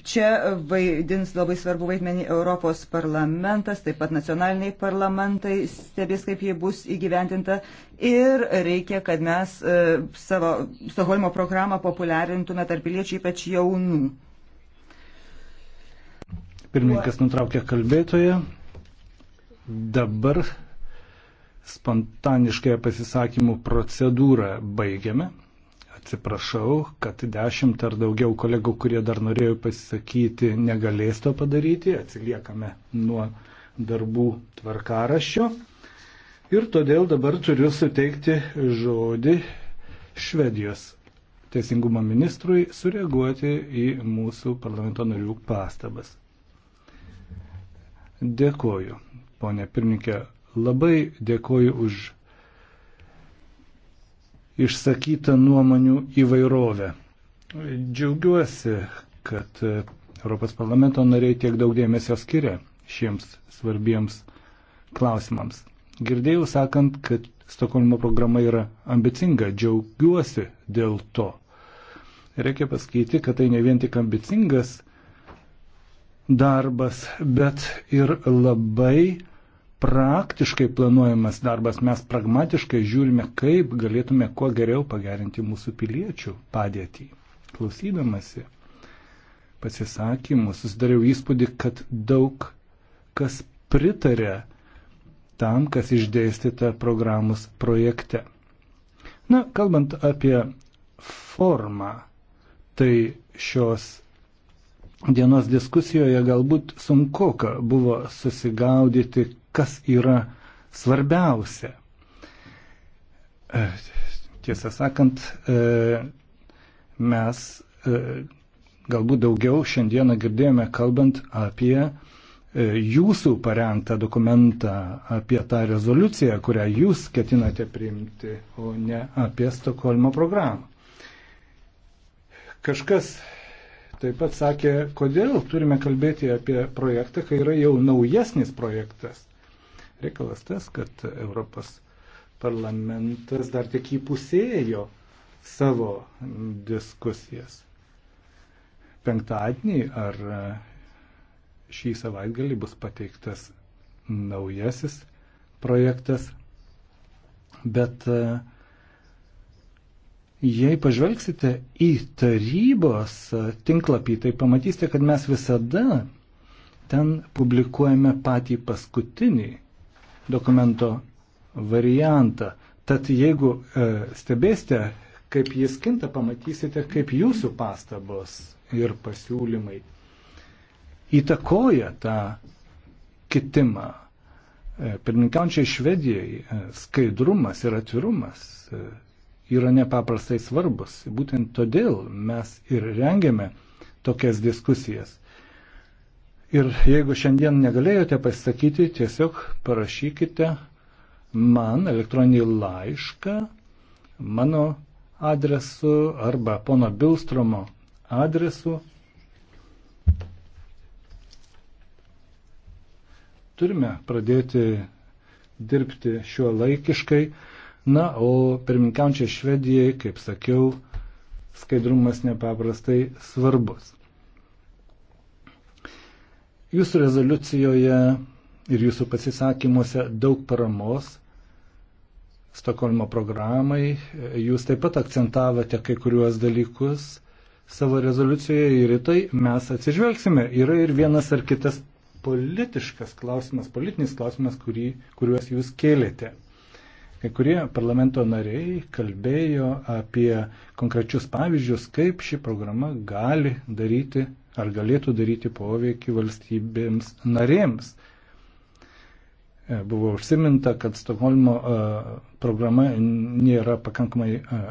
Čia vaidins labai svarbu vaidmenį Europos parlamentas, taip pat nacionaliniai parlamentai stebės, kaip jie bus įgyventinta ir reikia, kad mes e, savo Stokholmo programą populiarintume tarp piliečių, ypač jaunų. Pirmininkas nutraukė kalbėtoje. Dabar spontaniškąją pasisakymų procedūrą baigiame. Atsiprašau, kad dešimt ar daugiau kolegų, kurie dar norėjo pasisakyti, negalės to padaryti. Atsiliekame nuo darbų tvarkaraščio. Ir todėl dabar turiu suteikti žodį Švedijos teisingumo ministrui sureaguoti į mūsų parlamento narių pastabas. Dėkoju, ponė pirmininkė, labai dėkoju už išsakytą nuomonių įvairovę. Džiaugiuosi, kad Europos parlamento nariai tiek daug dėmesio skiria šiems svarbiems klausimams. Girdėjau sakant, kad Stokholmo programa yra ambicinga, džiaugiuosi dėl to. Reikia pasakyti, kad tai ne vien tik ambicingas darbas, bet ir labai praktiškai planuojamas darbas, mes pragmatiškai žiūrime, kaip galėtume kuo geriau pagerinti mūsų piliečių padėtį. Klausydamasi pasisakymų susidariau įspūdį, kad daug kas pritarė tam, kas išdėstyta programos projekte. Na, kalbant apie formą, tai šios dienos diskusijoje galbūt sunku buvo susigaudyti, kas yra svarbiausia. E, tiesą sakant, e, mes e, galbūt daugiau šiandieną girdėjome kalbant apie jūsų parengtą dokumentą, apie tą rezoliuciją, kurią jūs ketinate priimti, o ne apie Stokholmo programą. Kažkas taip pat sakė, kodėl turime kalbėti apie projektą, kai yra jau naujesnis projektas. Reikalas tas, kad Europos parlamentas dar tik įpusėjo savo diskusijas. Penktadienį ar e, šį savaitgalį bus pateiktas naujasis projektas, bet e, jei pažvelgsite į tarybos e, tinklapį, tai pamatysite, kad mes visada ten publikuojame patį paskutinį dokumento variantą. Tad jeigu e, stebėsite, kaip jis kinta, pamatysite, kaip jūsų pastabos ir pasiūlymai įtakoja tą kitimą. E, Pirmininkiaučiai Švedijai e, skaidrumas ir atvirumas yra nepaprastai svarbus. Būtent todėl mes ir rengiame tokias diskusijas. Ir jeigu šiandien negalėjote pasakyti, tiesiog parašykite man elektroninį laišką mano adresu arba pono Bilstromo adresu. Turime pradėti dirbti šiuo laikiškai. Na, o pirmininkiaučiai Švedijai, kaip sakiau, skaidrumas nepaprastai svarbus. Jūsų rezoliucijoje ir jūsų pasisakymuose daug paramos Stokholmo programai. Jūs taip pat akcentavote kai kuriuos dalykus savo rezoliucijoje ir į tai mes atsižvelgsime. Yra ir vienas ar kitas politiškas klausimas, politinis klausimas, kurį, kuriuos jūs kėlėte. Kai kurie parlamento nariai kalbėjo apie konkrečius pavyzdžius, kaip ši programa gali daryti ar galėtų daryti poveikį valstybėms narėms. E, buvo užsiminta, kad Stokholmo e, programa nėra pakankamai e,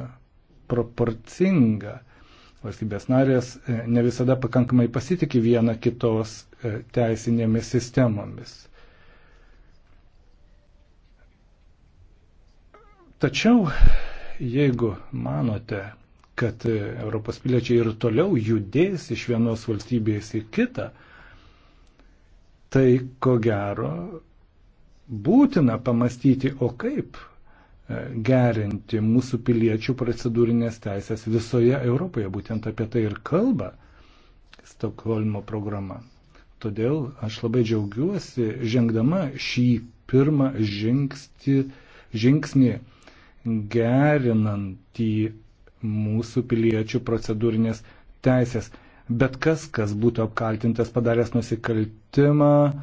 proporcinga. Valstybės narės ne visada pakankamai pasitikė viena kitos teisinėmis sistemomis. Tačiau, jeigu manote, kad Europos piliečiai ir toliau judės iš vienos valstybės į kitą, tai ko gero būtina pamastyti, o kaip e, gerinti mūsų piliečių procedūrinės teisės visoje Europoje. Būtent apie tai ir kalba Stokholmo programa. Todėl aš labai džiaugiuosi žengdama šį pirmą žingsnį, žingsnį gerinant į mūsų piliečių procedūrinės teisės. Bet kas, kas būtų apkaltintas padaręs nusikaltimą e,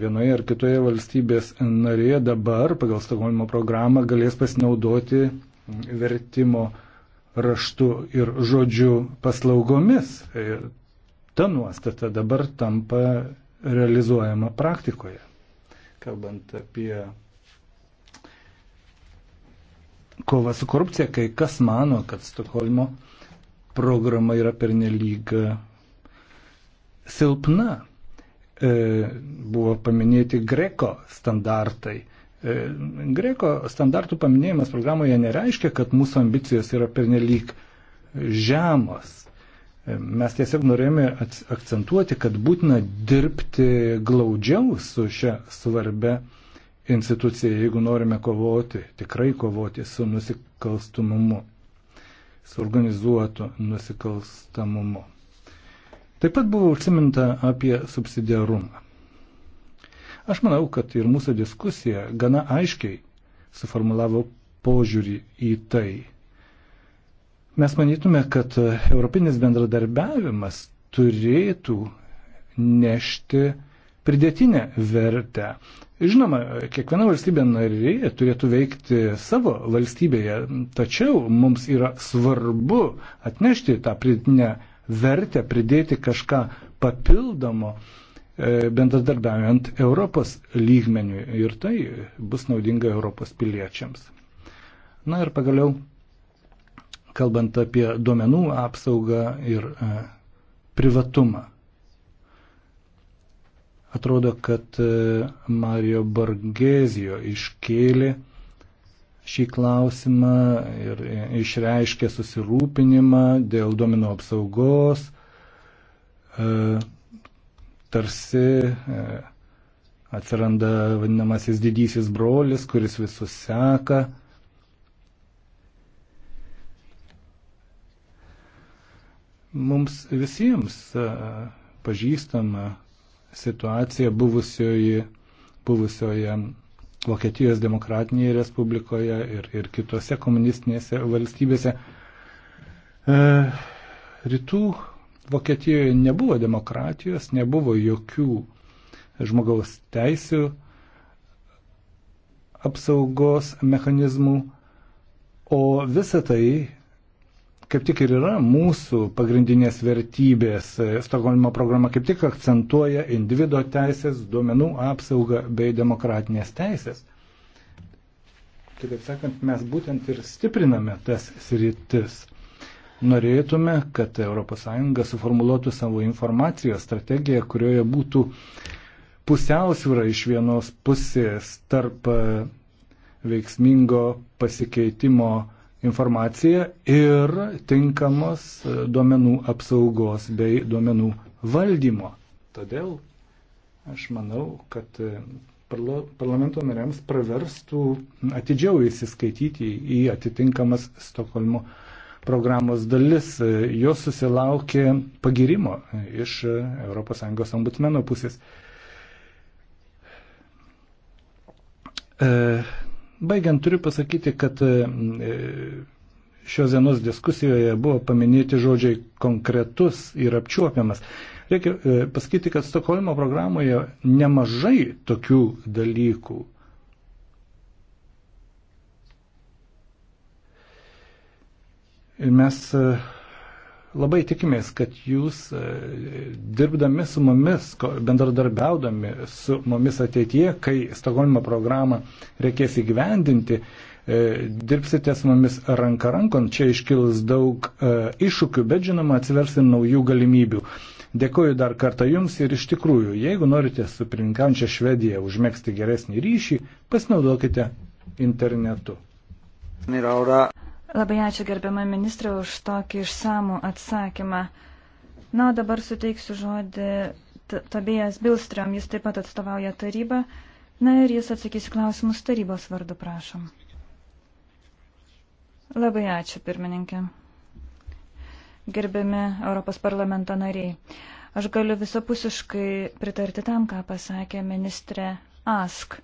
vienoje ar kitoje valstybės narėje dabar pagal Stokholmo programą galės pasinaudoti vertimo raštu ir žodžiu paslaugomis. E, ta nuostata dabar tampa realizuojama praktikoje. Kalbant apie kova su korupcija, kai kas mano, kad Stokholmo programa yra pernelyg e, silpna. E, buvo paminėti greko standartai. E, greko standartų paminėjimas programoje nereiškia, kad mūsų ambicijos yra pernelyg žemos. E, mes tiesiog norėjome akcentuoti, kad būtina dirbti glaudžiau su šia svarbia institucija, jeigu norime kovoti, tikrai kovoti su nusikalstumumu, su organizuotu nusikalstamumu. Taip pat buvo užsiminta apie subsidiarumą. Aš manau, kad ir mūsų diskusija gana aiškiai suformulavo požiūrį į tai. Mes manytume, kad europinis bendradarbiavimas turėtų nešti uh, pridėtinę vertę. Žinoma, kiekviena valstybė narė turėtų veikti savo valstybėje, tačiau mums yra svarbu atnešti tą pridėtinę vertę, pridėti kažką papildomo e, bendradarbiaujant Europos lygmeniui ir tai bus naudinga Europos piliečiams. Na ir pagaliau, kalbant apie duomenų apsaugą ir e, privatumą. Atrodo, kad e, Mario Borgesijo iškėlė šį klausimą ir e, išreiškė susirūpinimą dėl domino apsaugos, e, tarsi atsiranda vadinamasis didysis brolis, kuris visus seka. Mums visiems pažįstama situacija buvusioje, buvusioje Vokietijos demokratinėje Respublikoje ir, ir kitose komunistinėse valstybėse. E, rytų Vokietijoje nebuvo demokratijos, nebuvo jokių žmogaus teisių apsaugos mechanizmų, o visa tai kaip tik ir yra mūsų pagrindinės vertybės. E, Stokholmo programa kaip tik akcentuoja individuo teisės, duomenų apsaugą bei demokratinės teisės. Kitaip sakant, mes būtent ir stipriname tas sritis. Norėtume, kad ES suformuluotų savo informacijos strategiją, kurioje būtų pusiausvyrą iš vienos pusės tarp e, veiksmingo pasikeitimo informaciją ir tinkamos e, duomenų apsaugos bei duomenų valdymo. Todėl aš manau, kad e, parlamento nariams praverstų atidžiau įsiskaityti į atitinkamas Stokholmo programos dalis. E, jos susilaukė pagirimo iš ES ombudsmeno pusės. E, Baigiant turiu pasakyti, kad e, šios dienos diskusijoje buvo paminėti žodžiai konkretus ir apčiuopiamas. Reikia e, pasakyti, kad Stokholmo programoje nemažai tokių dalykų. Ir mes e, Labai tikimės, kad jūs e, dirbdami su mumis, bendradarbiaudami su mumis ateityje, kai Stokholmo programą reikės įgyvendinti, e, dirbsite su mumis ranka rankon. Čia iškils daug e, iššūkių, bet žinoma atsiversi naujų galimybių. Dėkoju dar kartą Jums ir iš tikrųjų, jeigu norite su pirmininkančia Švedija užmėgsti geresnį ryšį, pasinaudokite internetu. Nėra ora. Labai ačiū gerbiama ministrė už tokį išsamų atsakymą. Na, o dabar suteiksiu žodį Tobijas Bilstriom, jis taip pat atstovauja tarybą. Na ir jis atsakys klausimus tarybos vardu, prašom. Labai ačiū, pirmininkė. Gerbiami Europos parlamento nariai. Aš galiu visapusiškai pritarti tam, ką pasakė ministrė Ask.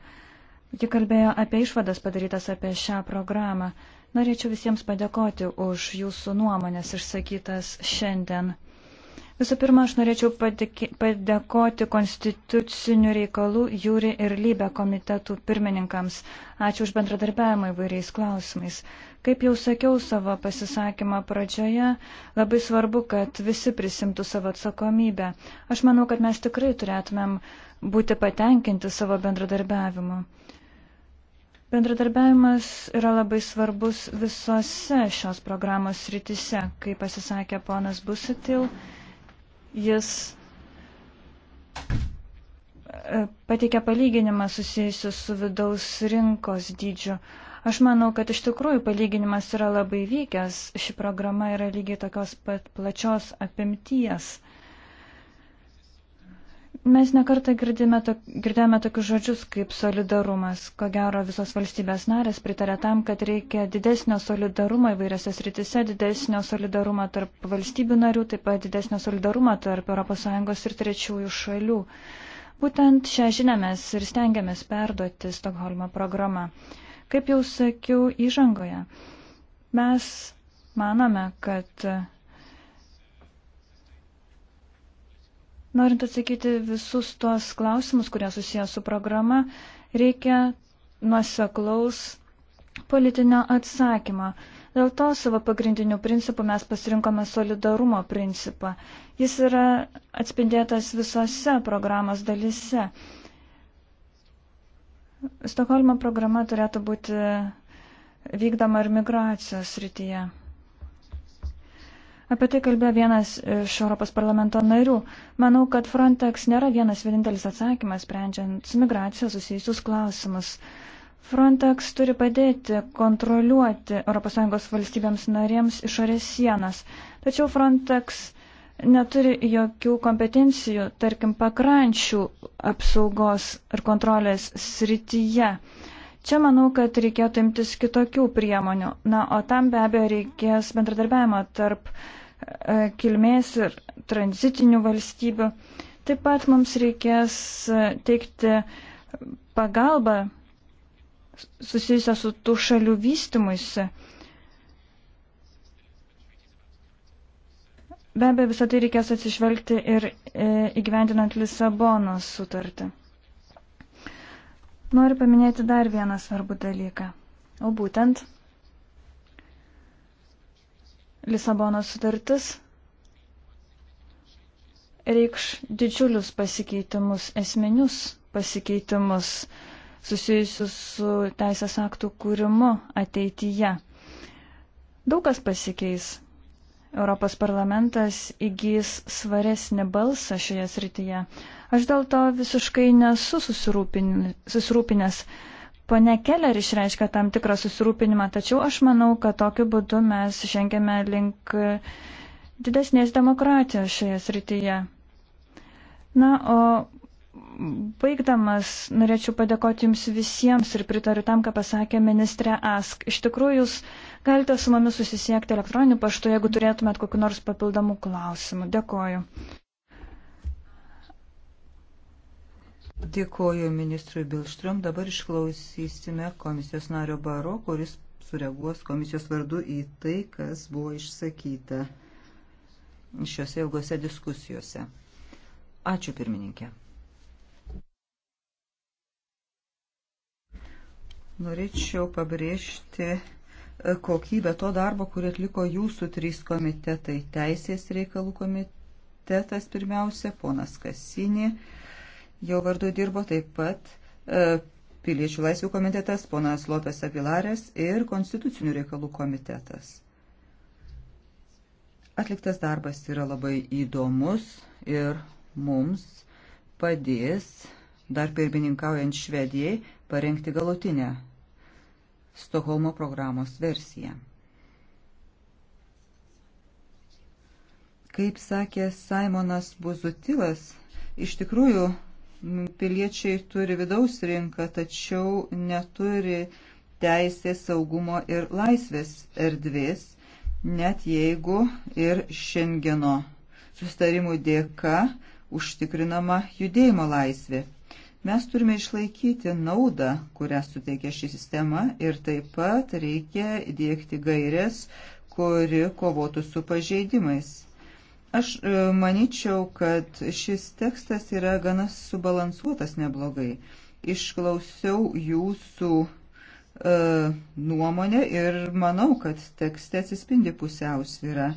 Ji kalbėjo apie išvadas padarytas apie šią programą. Norėčiau visiems padėkoti už jūsų nuomonės išsakytas šiandien. Visų pirma, aš norėčiau padėkoti konstitucinių reikalų Jūri ir Lybė komitetų pirmininkams. Ačiū už bendradarbiavimą įvairiais klausimais. Kaip jau sakiau savo pasisakymą pradžioje, labai svarbu, kad visi prisimtų savo atsakomybę. Aš manau, kad mes tikrai turėtumėm būti patenkinti savo bendradarbiavimu. Bendradarbiavimas yra labai svarbus visose šios programos rytise, kaip pasisakė ponas Busitil. Jis e, pateikia palyginimą susijusiu su vidaus rinkos dydžiu. Aš manau, kad iš tikrųjų palyginimas yra labai vykęs. Ši programa yra lygiai tokios pat plačios apimties. Mes nekartą girdėjome, to, girdėjome tokius žodžius kaip solidarumas. Ko gero visos valstybės narės pritarė tam, kad reikia didesnio solidarumo įvairiose sritise, didesnio solidarumo tarp valstybių narių, taip pat didesnio solidarumo tarp ES ir trečiųjų šalių. Būtent šią žinę mes ir stengiamės perduoti Stokholmo programą. Kaip jau sakiau įžangoje, mes manome, kad Norint atsakyti visus tuos klausimus, kurie susijęs su programa, reikia nuoseklaus politinio atsakymą. Dėl to savo pagrindinių principų mes pasirinkome solidarumo principą. Jis yra atspindėtas visose programos dalise. Stokholmo programa turėtų būti vykdoma ir migracijos rytyje. Apie tai kalbėjo vienas iš Europos parlamento narių. Manau, kad Frontex nėra vienas vienintelis atsakymas, sprendžiant su migracija susijusius klausimus. Frontex turi padėti kontroliuoti ES valstybėms narėms išorės sienas, tačiau Frontex neturi jokių kompetencijų, tarkim, pakrančių apsaugos ir kontrolės srityje. Čia manau, kad reikėtų imtis kitokių priemonių. Na, o tam be abejo reikės bendradarbiavimo tarp e, kilmės ir tranzitinių valstybių. Taip pat mums reikės e, teikti pagalbą susijusią su tų šalių vystimuisi. Be abejo, visą tai reikės atsižvelgti ir e, įgyvendinant Lisabonos sutartį. Noriu paminėti dar vieną svarbų dalyką. O būtent Lisabonos sutartis reikš didžiulius pasikeitimus, esminius pasikeitimus susijusius su teisės aktų kūrimu ateityje. Daug kas pasikeis. Europos parlamentas įgys svaresnį balsą šioje srityje. Aš dėl to visiškai nesu susirūpinęs. Pane Keller išreiškia tam tikrą susirūpinimą, tačiau aš manau, kad tokiu būdu mes žengėme link didesnės demokratijos šioje srityje. Na, o baigdamas, norėčiau padėkoti Jums visiems ir pritariu tam, ką pasakė ministrė Ask. Iš tikrųjų, Jūs Galite su mumis susisiekti elektroniniu paštu, jeigu turėtumėt kokiu nors papildomų klausimų. Dėkoju. Dėkoju ministrui Bilštrom. Dabar išklausysime komisijos nario Baro, kuris sureaguos komisijos vardu į tai, kas buvo išsakyta šiuose ilgose diskusijose. Ačiū pirmininkė. Norėčiau pabrėžti kokybę to darbo, kurį atliko jūsų trys komitetai. Teisės reikalų komitetas pirmiausia, ponas Kasinė, jo vardu dirbo taip pat e, Piliečių laisvių komitetas, ponas Lopes Avilarės ir Konstitucinių reikalų komitetas. Atliktas darbas yra labai įdomus ir mums padės dar pirmininkaujant Švedijai parengti galutinę Stokholmo programos versiją. Kaip sakė Simonas Buzutilas, iš tikrųjų piliečiai turi vidaus rinką, tačiau neturi teisės, saugumo ir laisvės erdvės, net jeigu ir šiandieno sustarimų dėka užtikrinama judėjimo laisvė. Mes turime išlaikyti naudą, kurią suteikia ši sistema ir taip pat reikia dėkti gairės, kuri kovotų su pažeidimais. Aš e, manyčiau, kad šis tekstas yra gana subalansuotas neblogai. Išklausiau jūsų e, nuomonę ir manau, kad tekste atsispindi pusiausvyrą.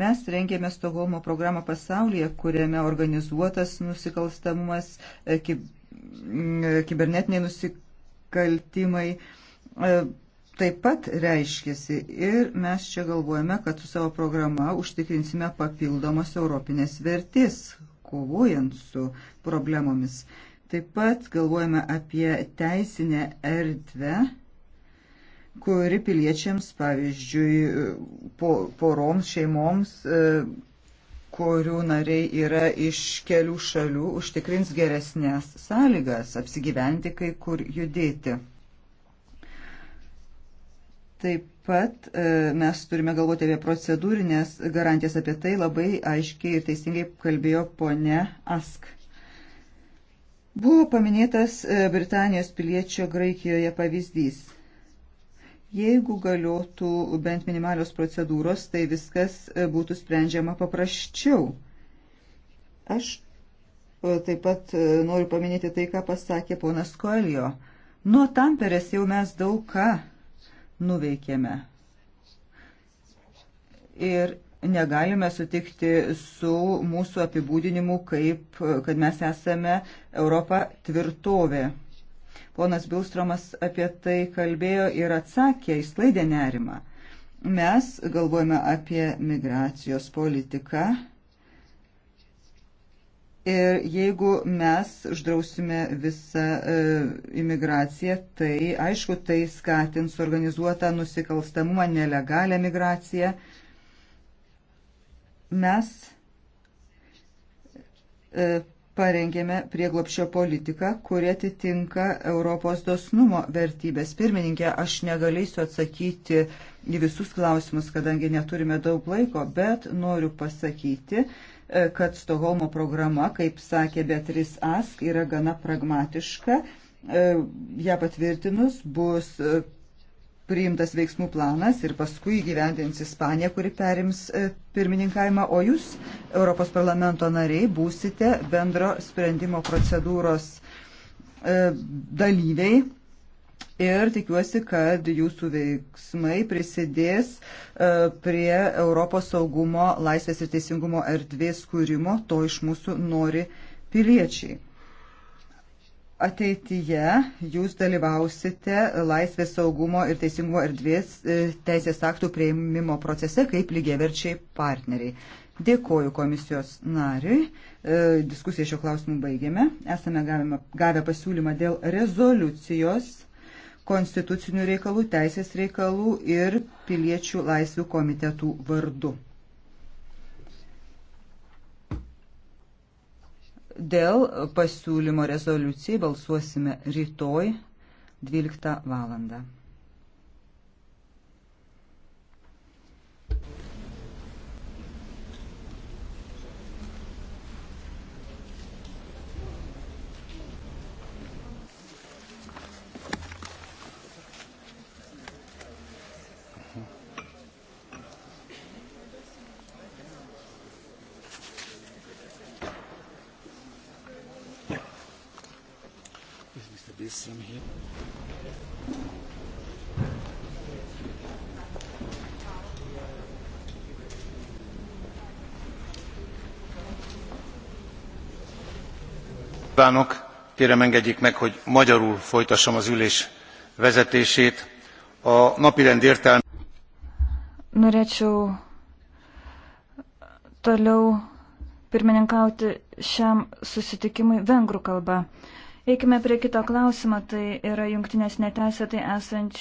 Mes rengėme Stokholmo programą pasaulyje, kuriame organizuotas nusikalstamumas, e, kib, kibernetiniai nusikaltimai e, taip pat reiškiasi ir mes čia galvojame, kad su savo programa užtikrinsime papildomos europinės vertės, kovojant su problemomis. Taip pat galvojame apie teisinę erdvę, kuri piliečiams, pavyzdžiui, poroms, šeimoms e, kurių nariai yra iš kelių šalių, užtikrins geresnės sąlygas apsigyventi, kai kur judėti. Taip pat e, mes turime galvoti apie procedūrinės garantijas, apie tai labai aiškiai ir teisingai kalbėjo ponė Ask. Buvo paminėtas e, Britanijos piliečio Graikijoje pavyzdys. Jeigu galiotų bent minimalios procedūros, tai viskas e, būtų sprendžiama paprasčiau. Aš e, taip pat e, noriu paminėti tai, ką pasakė ponas Koelio. Nuo tamperės jau mes daug ką nuveikėme. Ir negalime sutikti su mūsų apibūdinimu, kaip, kad mes esame Europą tvirtovė. Ponas Bilstromas apie tai kalbėjo ir atsakė, išsklaidė nerimą. Mes galvojame apie migracijos politiką. Ir jeigu mes uždrausime visą e, imigraciją, tai aišku, tai skatins organizuotą nusikalstamumą, nelegalią migraciją. Mes e, parengėme prieglopščio politiką, kuri atitinka Europos dosnumo vertybės. Pirmininkė, aš negalėsiu atsakyti į visus klausimus, kadangi neturime daug laiko, bet noriu pasakyti, e, kad Stoholmo programa, kaip sakė Beatrice Ask, yra gana pragmatiška. E, ja patvirtinus bus e, priimtas veiksmų planas ir paskui gyvendins Ispanija, kuri perims e, pirmininkavimą, o jūs, Europos parlamento nariai, būsite bendro sprendimo procedūros e, dalyviai. Ir tikiuosi, kad jūsų veiksmai prisidės e, prie Europos saugumo, laisvės ir teisingumo erdvės kūrimo, to iš mūsų nori piliečiai. Ateityje jūs dalyvausite laisvės saugumo ir teisingumo erdvės e, teisės aktų prieimimo procese kaip lygiaverčiai partneriai. Dėkoju komisijos nariui. E, diskusiją šio klausimu baigėme. Esame gavę pasiūlymą dėl rezoliucijos konstitucinių reikalų, teisės reikalų ir piliečių laisvių komitetų vardu. Dėl pasiūlymo rezoliucijai balsuosime rytoj 12 valandą. from here. Kívánok! Kérem engedjék meg, hogy magyarul folytassam az ülés vezetését. A napirend értelme... Norėčiau toliau pirmininkauti šiam susitikimui vengrų kalba. Eikime prie kito klausimo, tai yra jungtinės neteisėtai esančių.